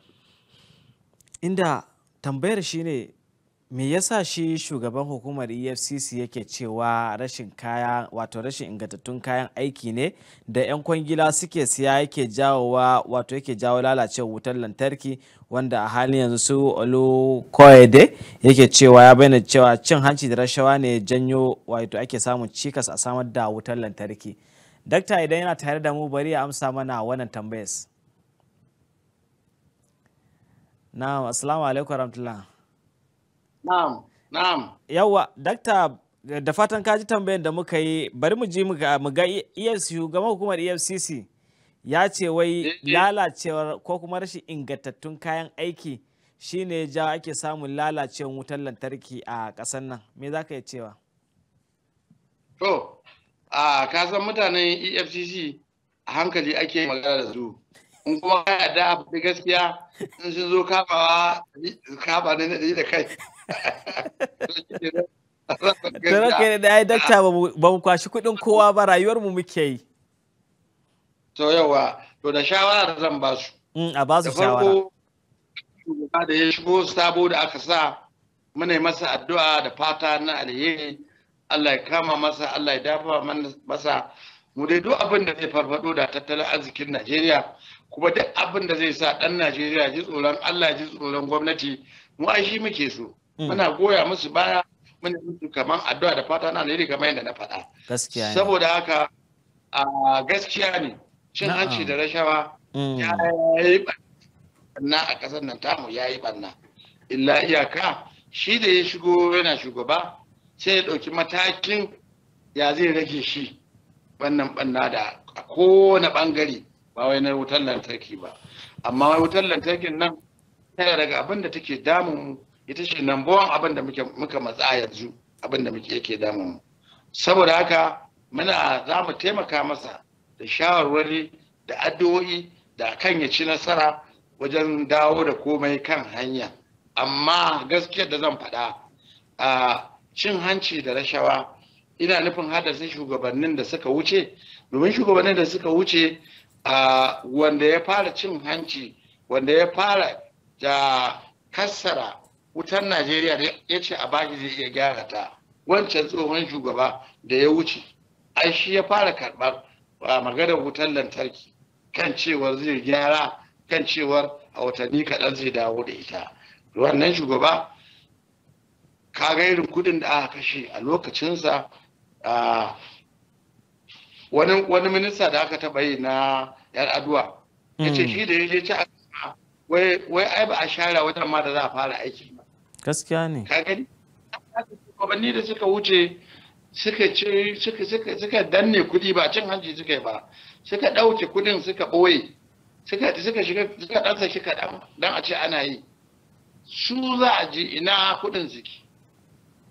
inda tambayar shine me yasa shi shugaban hukumar efcc yake cewa rashin kaya wato rashin ingantattun kayan aiki ne da 'yan kwangila suke siya yake jawowa wato yake jawo lalacewar wutar lantarki wanda a halin yanzu su olukoyede yake cewa ya bayyana cewa cin hanci da rashawa ne janyo wato ake samun cikas a samar da wutar lantarki dakta idan yana tare da mu bari ya amsa mana wannan tambayas na'am assalamu alaikum rahmatullah na'am na'am yawa dakta da fatan kaji tambayar da muka yi bari mu ji mu ga gama e-, e hukumar efcc ya ce wai eh, eh. lalacewar ko kuma rashin ingantattun kayan aiki shine ja ake samun lalacewar wutar lantarki a ƙasar nan me za ka yi cewa to a kasan mutanen efcc a hankali ake magana da su in kuma ya da faɗi gaskiya in sun zo kafawa kafa ne na da kai Tare da ya dakta ba mu kwashi kuɗin kowa ba rayuwar mu muke yi. to yawa to da shawara da zan ba su mm, a ba su shawara shugaba da ya shigo sabo da aka sa muna masa addu'a da fata na alheri Allah ya kama masa Allah ya dafa masa mu dai duk abin da zai farfado da tattalin arzikin Najeriya kuma duk abin da zai sa dan Najeriya ji tsoron Allah ji tsoron gwamnati mu ai shi muke so mm. muna goya musu baya muna musu kaman addu'a da fata na alheri kamar yadda na faɗa gaskiya saboda haka a gaskiya ne cin hanci da rashawa mm. ya yi banna a ƙasar nan tamu ya yi banna illa iyaka shi da ya shigo yana shugaba sai ya ɗauki matakin ya zai rage shi wannan banna da a kowane ɓangare ba wai na wutar lantarki ba amma wutar lantarkin nan tana daga abin da take damun mu ita ce nambawan abin da muka matsa yanzu abin da muke yake damun mu saboda haka muna za mu taimaka masa da shawarwari da addu'o'i da kan ya ci nasara wajen dawo da komai kan hanya amma gaskiyar da zan faɗa a cin hanci da rashawa ina nufin hadasa shugabannin da suka wuce domin shugabannin da suka wuce a wanda ya fara cin hanci wanda ya fara da kassara wutar najeriya ya ce a baki zai iya gyara ta wancan tsohon shugaba da ya wuce ai shi ya fara karɓar a maganar wutar lantarki kan cewar zai gyara kan cewar a watanni kaɗan zai dawo da ita wannan shugaba ka gairin kudin da aka kashe a lokacinsa wani minista da aka taɓa yi na yar aduwa ya ce hmm. shi da ya je ci a wai ai ba a share wajen ma da za a fara aiki ba gaskiya ne ka gani shugabanni da suka wuce suka ce suka suka suka danne kuɗi ba cin hanci suka yi ba suka dauke kuɗin suka ɓoye suka suka shiga suka ɗan saki kaɗan dan a ce ana yi su za a ji ina kuɗin suke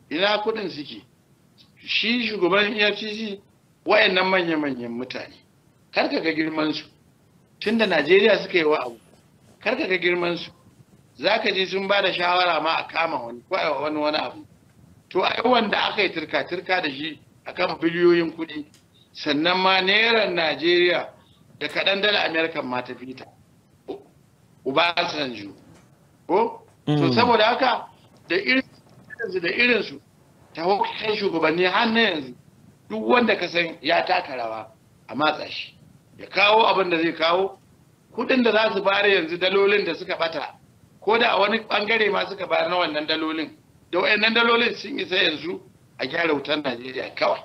ina kuɗin suke shi shugaban efcc wayannan manya-manyan mutane karka ga girmansu su tunda najeriya suka yi wa abu karka ga girmansu za ka ji sun ba da shawara ma a kama wani wani wani abu to ai wanda aka yi turka-turka da shi akan biliyoyin kuɗi sannan ma neran najeriya da kaɗan dala amerikan ma ta fita uba ju. ko to mm. saboda haka da irinsu da irinsu ta hukukan shugabanni har na yanzu duk wanda ka san ya taka rawa a matsa shi ya kawo abin da zai kawo kuɗin da za su bare yanzu dalolin da suka bata ko da wani bangare ma suka bayar na wannan dalolin da wayannan dalolin sun isa yanzu a gyara wutar najeriya kawai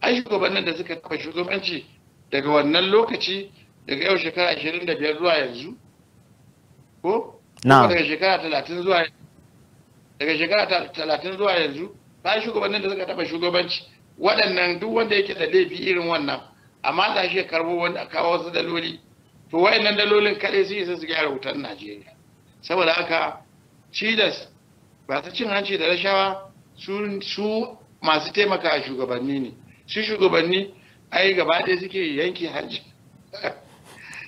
ai shugabannin da suka kafa shugabanci daga wannan lokaci daga yau shekara ashirin da biyar zuwa yanzu ko daga shekara talatin zuwa daga shekara talatin zuwa yanzu ba shugabannin da suka taɓa shugabanci waɗannan duk wanda yake da laifi irin wannan amma ta shi karbo wanda kawo wasu daloli to wayannan dalolin kaɗai sun isa su gyara wutar najeriya saboda haka cidas ba su cin hanci da rashawa su masu taimaka a shugabanni ne su shugabanni ai gaba ɗaya suke yanke hanci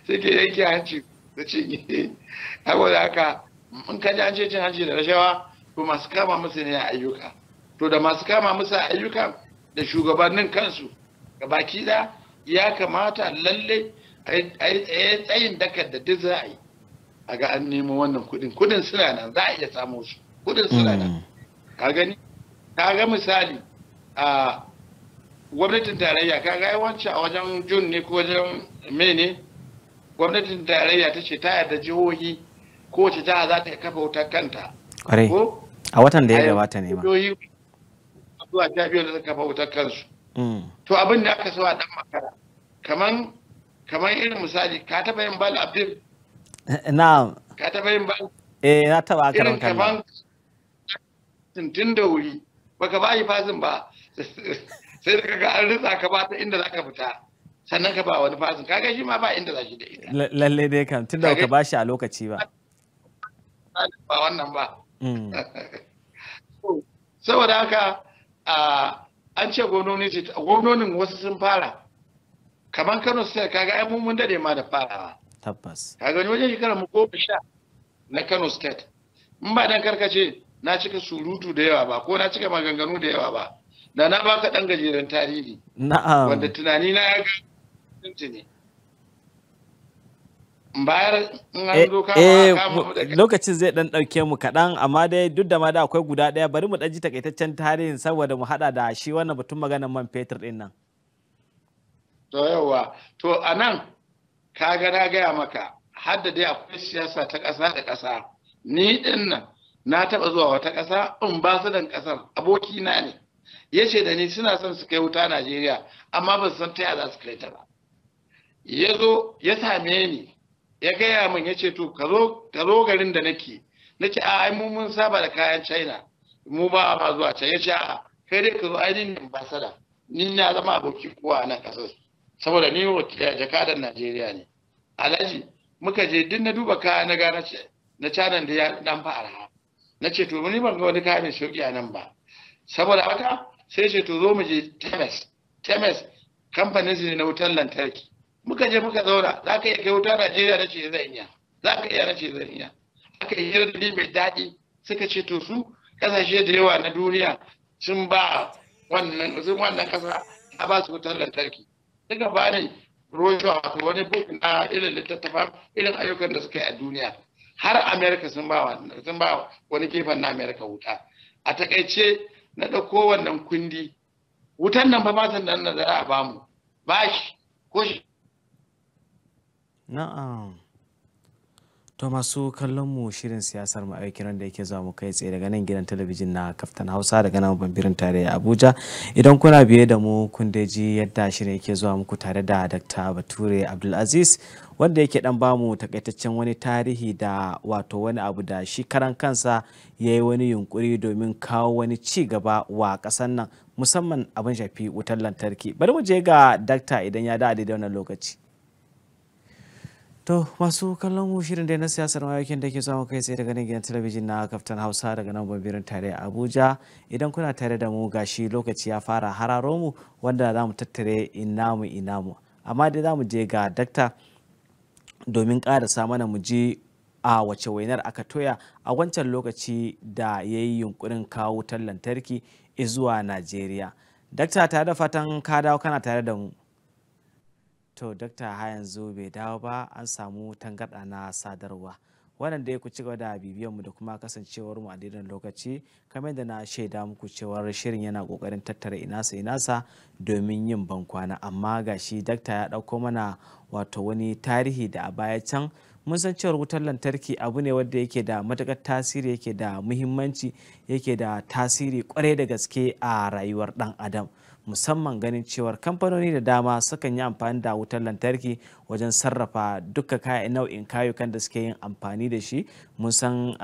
suke yanki hanci da cinye saboda haka in ka ji an ce cin hanci da rashawa to masu kama musu ne a ayyuka to da masu kama musu a ayyuka da shugabannin kansu ga baki da ya kamata lalle a yi tsayin dakar da duk za a yi a ga an nemo wannan kudin kudin suna nan za a iya samo su kudin suna nan mm. ka gani ka ga misali a gwamnatin tarayya ka ga yawanci a wajen jun ne ko wajen ne gwamnatin tarayya ta ce ta yarda jihohi ko ce jiha za ta kafa wutar kanta ko a watan da ya gabata ne ba zuwa ta da suka kafa wutar kansu mm. to abin da aka sawa a dan makara kaman kaman irin misali ka taba yin bal abdul na'am ka taba yin bal eh na taba karanta irin kaman tuntun tun da wuri baka ba yi fasin ba sai da kaga an ritsa ka ba ta inda za ka fita sannan ka ba wani fasin kaga shi ma ba inda za shi da ita lalle dai kan, tun da ka ba shi a lokaci ba ba wannan ba hmm. saboda haka an ce gwamnonin wasu sun fara kamar kano state kaga ai mun dade ma da farawa tabbas kaga wajen shekara mu goma sha na kano state in ba dan karkace na cika surutu da yawa ba ko na cika maganganu da yawa ba da na baka ɗan gajeren tarihi na'am wanda tunani na ya ga ne bayar lokacin zai dan dauke mu kaɗan amma dai duk da ma da akwai guda ɗaya bari mu dan ji takaitaccen tarihin saboda mu haɗa da shi wannan batun maganar man fetur din nan. To yawa to a nan ka ga na gaya maka hadda dai akwai siyasa ta ƙasa da ƙasa ni din nan na taɓa zuwa wata ƙasa in ba su dan ƙasar abokina ne ya ce da ni suna son su kai wuta najeriya amma ba su san ta za su kai ta ba ya zo ya same ni ya gaya min ya ce to ka zo garin da nake na ce ai mu mun saba da kayan china mu ba ma zuwa can ya ce a kai dai ka zo ainihin sada ni na zama aboki kowa a nan ƙasar saboda ni jakadan najeriya ne alhaji muka je duk na duba kaya na gane na canan da ya dan fa arha na ce to ni ban ga wani kayan shauki a nan ba saboda haka sai ce to zo mu je temes temes kamfanin su ne na wutar lantarki muka je muka zauna za ka iya kai wuta najeriya na ce zan iya za ka iya na ce zan iya aka yi mai daɗi suka ce to su kasashe da yawa na duniya sun ba wannan sun wannan kasa a ba su wutar lantarki suka ba ni rojo wani bukin na irin littattafan irin ayyukan da suka yi a duniya har america sun ba wani gefen na america wuta a takaice na ɗauko wannan kundi wutan nan ba ba ta nan da za a bamu ba shi ko shi na'am To masu kallon mu shirin siyasar mu kiran da yake zuwa mu kai tsaye daga nan gidan talabijin na Kaftan Hausa daga nan bambirin tare a Abuja. Idan kuna biye da mu kun ji yadda shirin yake zuwa muku tare da Dr. Bature Abdulaziz wanda yake dan bamu takaitaccen wani tarihi da wato wani abu da shi karan kansa ya yi wani yunkuri domin kawo wani ci gaba wa kasan nan musamman abin shafi wutar lantarki. Bari mu je ga dakta idan ya da daidai wannan lokaci. To masu kallon mu shirin da na siyasar yakin da ke samun kai sai daga nan gidan talabijin na kaftan Hausa daga nan bambirin tare Abuja idan kuna tare da mu gashi lokaci ya fara hararo mu wanda za mu tattare ina mu ina mu amma dai za mu je ga dakta domin ƙarasa mana mu je a wace wainar aka toya a wancan lokaci da ya yi yunkurin kawo wutar lantarki zuwa Najeriya. Dakta tare da fatan ka dawo kana tare da mu. to dakta ha yanzu bai dawo ba an samu tangarɗa na sadarwa wannan ya ku ci gaba da bibiyar mu da kuma kasancewar mu a daidan lokaci kamar da na shaida muku cewar shirin yana kokarin tattara inasa inasa domin yin bankwana amma gashi dakta ya dauko mana wato wani tarihi da a baya can mun san cewar wutar lantarki abu ne wanda yake da matukar tasiri yake da muhimmanci yake da tasiri kwarai da gaske a rayuwar dan adam musamman ganin cewar kamfanoni da dama sukan yi amfani da wutar lantarki wajen sarrafa duka kayan nau'in kayukan da suke yin amfani da shi mun san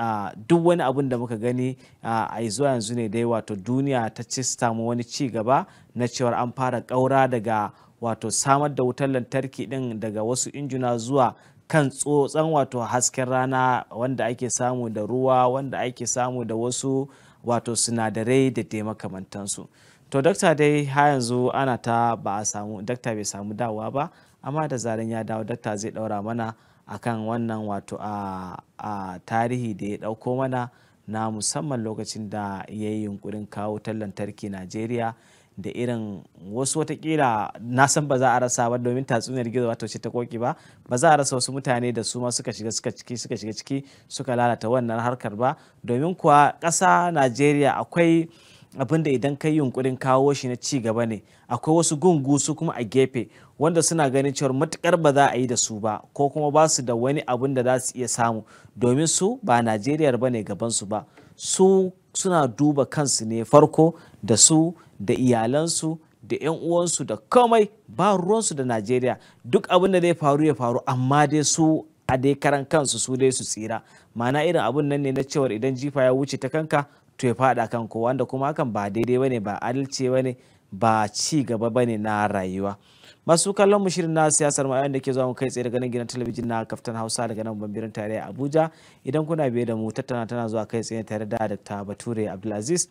duk wani abun da muka gani a zuwa yanzu ne dai wato duniya ta ci samu wani ci gaba na cewar an fara ƙaura daga wato samar da wutar lantarki din daga wasu injuna zuwa kan tsotsan wato hasken rana wanda ake samu da ruwa wanda ake samu da wasu wato sinadarai da dai makamantansu. to dakta dai ha yanzu ana ta ba a samu dakta bai samu dawowa ba amma da zaren ya dawo dakta zai daura mana akan wannan wato a, a tarihi da ya dauko mana na musamman lokacin da ya yi yunkurin kawo lantarki najeriya da irin wasu watakila na san ba za a rasa ba domin tatsuniyar gizo wato ce ta koki ba ba za a rasa wasu mutane da su ma suka shiga suka ciki suka shiga ciki suka lalata wannan harkar ba domin kuwa ƙasa najeriya akwai abinda idan ka yi yunkurin kawo shi na ci gaba ne akwai wasu gungu su kuma a gefe wanda suna ganin cewar matukar ba za a yi da su ba ko kuma ba su da wani abin da za su iya samu domin su ba najeriya ba ne gabansu ba su suna duba kansu ne farko da su da iyalansu da 'yan uwansu da komai ba ruwansu da najeriya duk abin da zai faru ya faru amma dai su a dai karan kansu su dai su tsira ma'ana irin abun nan ne na cewar idan jifa ya wuce ta kanka to ya fada kan kowa wanda kuma hakan ba daidai bane ba adalci bane ba ci gaba bane na rayuwa masu kallon mu shirin na siyasar ma'ayan da ke zuwa mu kai tsaye daga nan gidan talabijin na kaftan hausa daga nan bambirin tarayya abuja idan kuna biye da mu tattana tana zuwa kai tsaye tare da dr bature abdulaziz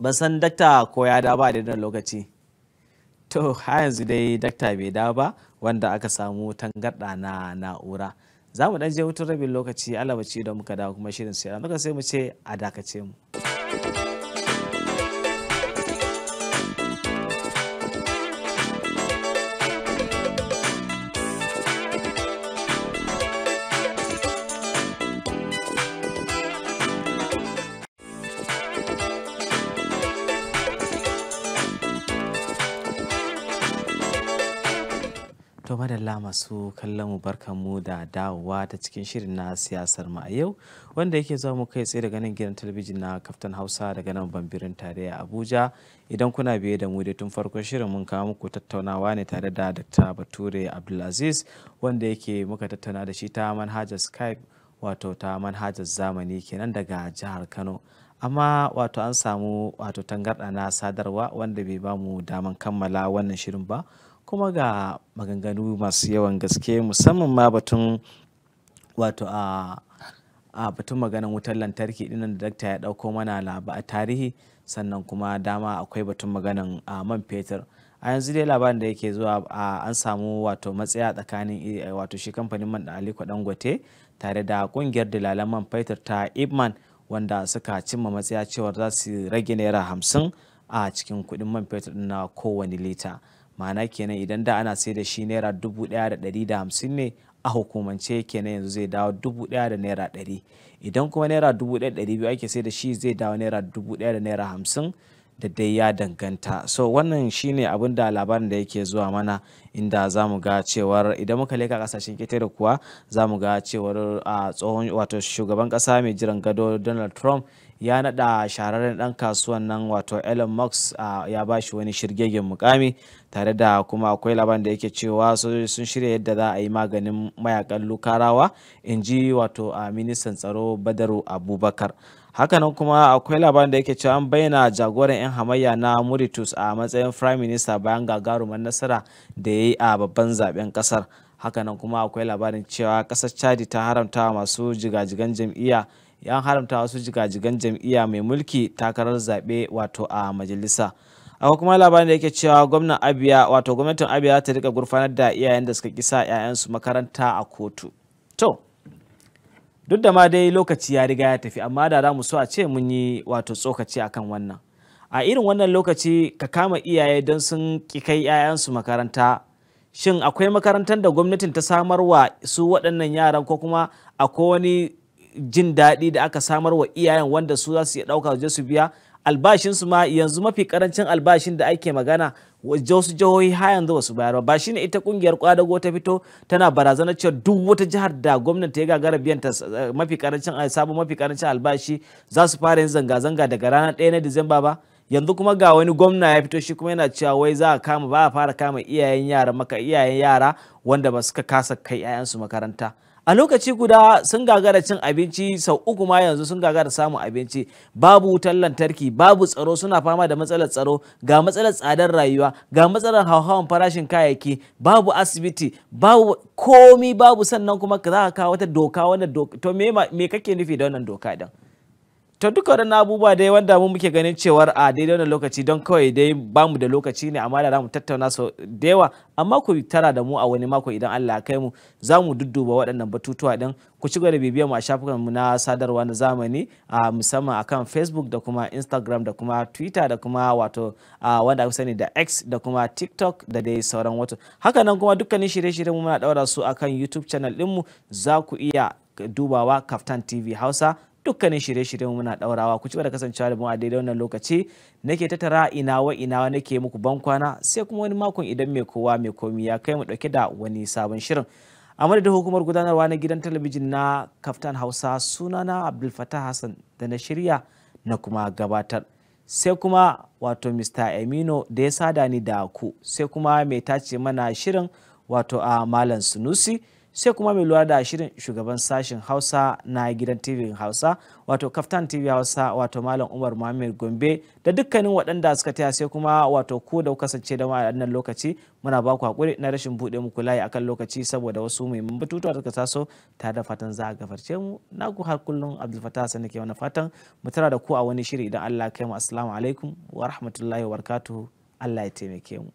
ban san dakta ko ya da ba da lokaci to ha yanzu dai dakta bai da ba wanda aka samu tangarɗa na na'ura za mu dan je wutar rabin lokaci alabaci da muka dawo kuma shirin sai muka sai mu ce a dakace mu. madalla masu kallon mu barkan mu da dawowa ta cikin shirin na siyasar mu a yau wanda yake zuwa mu kai tsaye daga nan gidan talabijin na kaftan hausa daga nan bambirin tarayya abuja idan kuna biye da mu dai tun farkon shirin mun kawo muku tattaunawa ne tare da dr bature abdulaziz wanda yake muka tattauna da shi ta manhajar skype wato ta manhajar zamani kenan daga jihar kano amma wato an samu wato tangarɗa na sadarwa wanda bai ba mu daman kammala wannan shirin ba kuma ga maganganu masu yawan gaske musamman ma batun wato a a batun maganan wutar lantarki dinnan da dakta ya dauko mana laba a tarihi sannan kuma dama akwai batun maganan a man fetur a yanzu dai labarin da yake zuwa an samu wato matsaya tsakanin eh, wato shi kamfanin man da aliko dangote tare da kungiyar dalalan man fetur ta ibman wanda suka cimma matsaya cewar za su rage naira hamsin a cikin kudin man fetur na kowane lita ma'ana kenan idan da ana sai da shi naira dubu daya da dari da hamsin ne a hukumance kenan yanzu zai dawo dubu daya da naira dari idan kuma naira dubu daya dari biyu ake sai da shi zai dawo naira dubu daya da naira hamsin da dai ya danganta so wannan shine abin da labarin da yake zuwa mana inda za mu ga cewar idan muka leka kasashen da kuwa za mu ga cewar a tsohon wato shugaban kasa mai jiran gado donald trump ya naɗa shahararren dan kasuwan nan wato elon musk ya bashi wani shirgegen mukami tare da kuma akwai labarin da yake cewa sun shirya yadda za a yi maganin mayakan lukarawa in ji wato a ministan tsaro badaru abubakar hakanan kuma akwai labarin da yake cewa an bayyana jagoran 'yan hamayya na muritus a matsayin prime minister bayan gagarumar nasara da ya yi a babban zaben kasar hakanan kuma akwai labarin cewa kasar chadi ta haramta masu jigajigan jam'iyya yan haramta wasu jigajigan jam'iyya mai mulki takarar zaɓe wato a majalisa akwai kuma labarin da yake cewa gwamnan abiya wato gwamnatin abiya ta rika gurfanar da iyayen da suka kisa yayansu makaranta a kotu to duk da ma dai lokaci ya riga ya tafi amma da za mu so a ce mun yi wato tsokaci akan wannan a irin wannan lokaci ka kama iyaye don sun ki kai yayansu makaranta shin akwai makarantar da gwamnatin ta samarwa su waɗannan yaran ko kuma akwai wani jin daɗi da aka samarwa iyayen wanda su za su iya ɗauka su biya albashinsu ma yanzu mafi karancin albashin da ake magana wasu jihohi har yanzu wasu bayar ba shine ita kungiyar kwadago ta fito tana barazanar cewa duk wata jihar da gwamnati ya gagara biyan ta eh, mafi karancin sabon mafi karancin albashi za su fara yin zanga-zanga daga ranar 1 na Disamba ba yanzu kuma ga wani gwamna ya fito shi kuma yana cewa wai za a kama ba a fara kama iyayen yara maka iyayen yara wanda ba suka kasa kai 'ya'yansu makaranta a lokaci guda sun gagara cin abinci sau uku ma yanzu sun gagara samun abinci babu wutar lantarki babu tsaro suna fama da matsalar tsaro ga matsalar tsadar rayuwa ga matsalar hauhawan farashin kayayyaki babu asibiti babu komi babu sannan kuma za ka kawo wata doka wanda to me kake nufi da wannan doka din to duka waɗannan abubuwa dai wanda mu muke ganin cewar a daidai wannan lokaci don kawai dai bamu da lokaci ne amma da mu tattauna sau da yawa amma ku tara da mu a wani mako idan Allah ya kai mu za mu dudduba waɗannan batutuwa din ku ci gaba da bibiyar mu a shafukan mu na sadarwa na zamani a musamman akan Facebook da kuma Instagram da kuma Twitter da kuma wato wanda aka sani da X da kuma TikTok da dai sauran wato hakanan kuma dukkanin shirye-shiryen mu muna ɗaura su akan YouTube channel din mu za ku iya dubawa Kaftan TV Hausa dukkanin shirye-shiryen muna daurawa ku ci da kasancewa da mu a daidai wannan lokaci nake tattara inawa inawa nake muku ban kwana sai kuma wani makon idan mai kowa mai komi ya kai mu dauke da wani sabon shirin a madadin hukumar gudanarwa na gidan talabijin na kaftan hausa sunana abdul fatah hassan da na shirya na kuma gabatar sai kuma wato mr amino da ya sada ni da ku sai kuma mai tace mana shirin wato a malam sunusi sai kuma mai lura da shirin shugaban sashen hausa na gidan tv hausa wato kaftan tv hausa wato malam umar muhammed gombe da dukkanin waɗanda suka taya sai kuma wato ku da kasance da wannan lokaci muna ba ku hakuri na rashin buɗe muku layi akan lokaci saboda wasu muhimman batutuwa da taso ta da fatan za a gafarce mu na ku har kullum abdul fatah sani ke wani fatan mu tara da ku a wani shiri idan allah kai mu assalamu alaikum wa rahmatullahi wa barakatuhu allah ya taimake mu.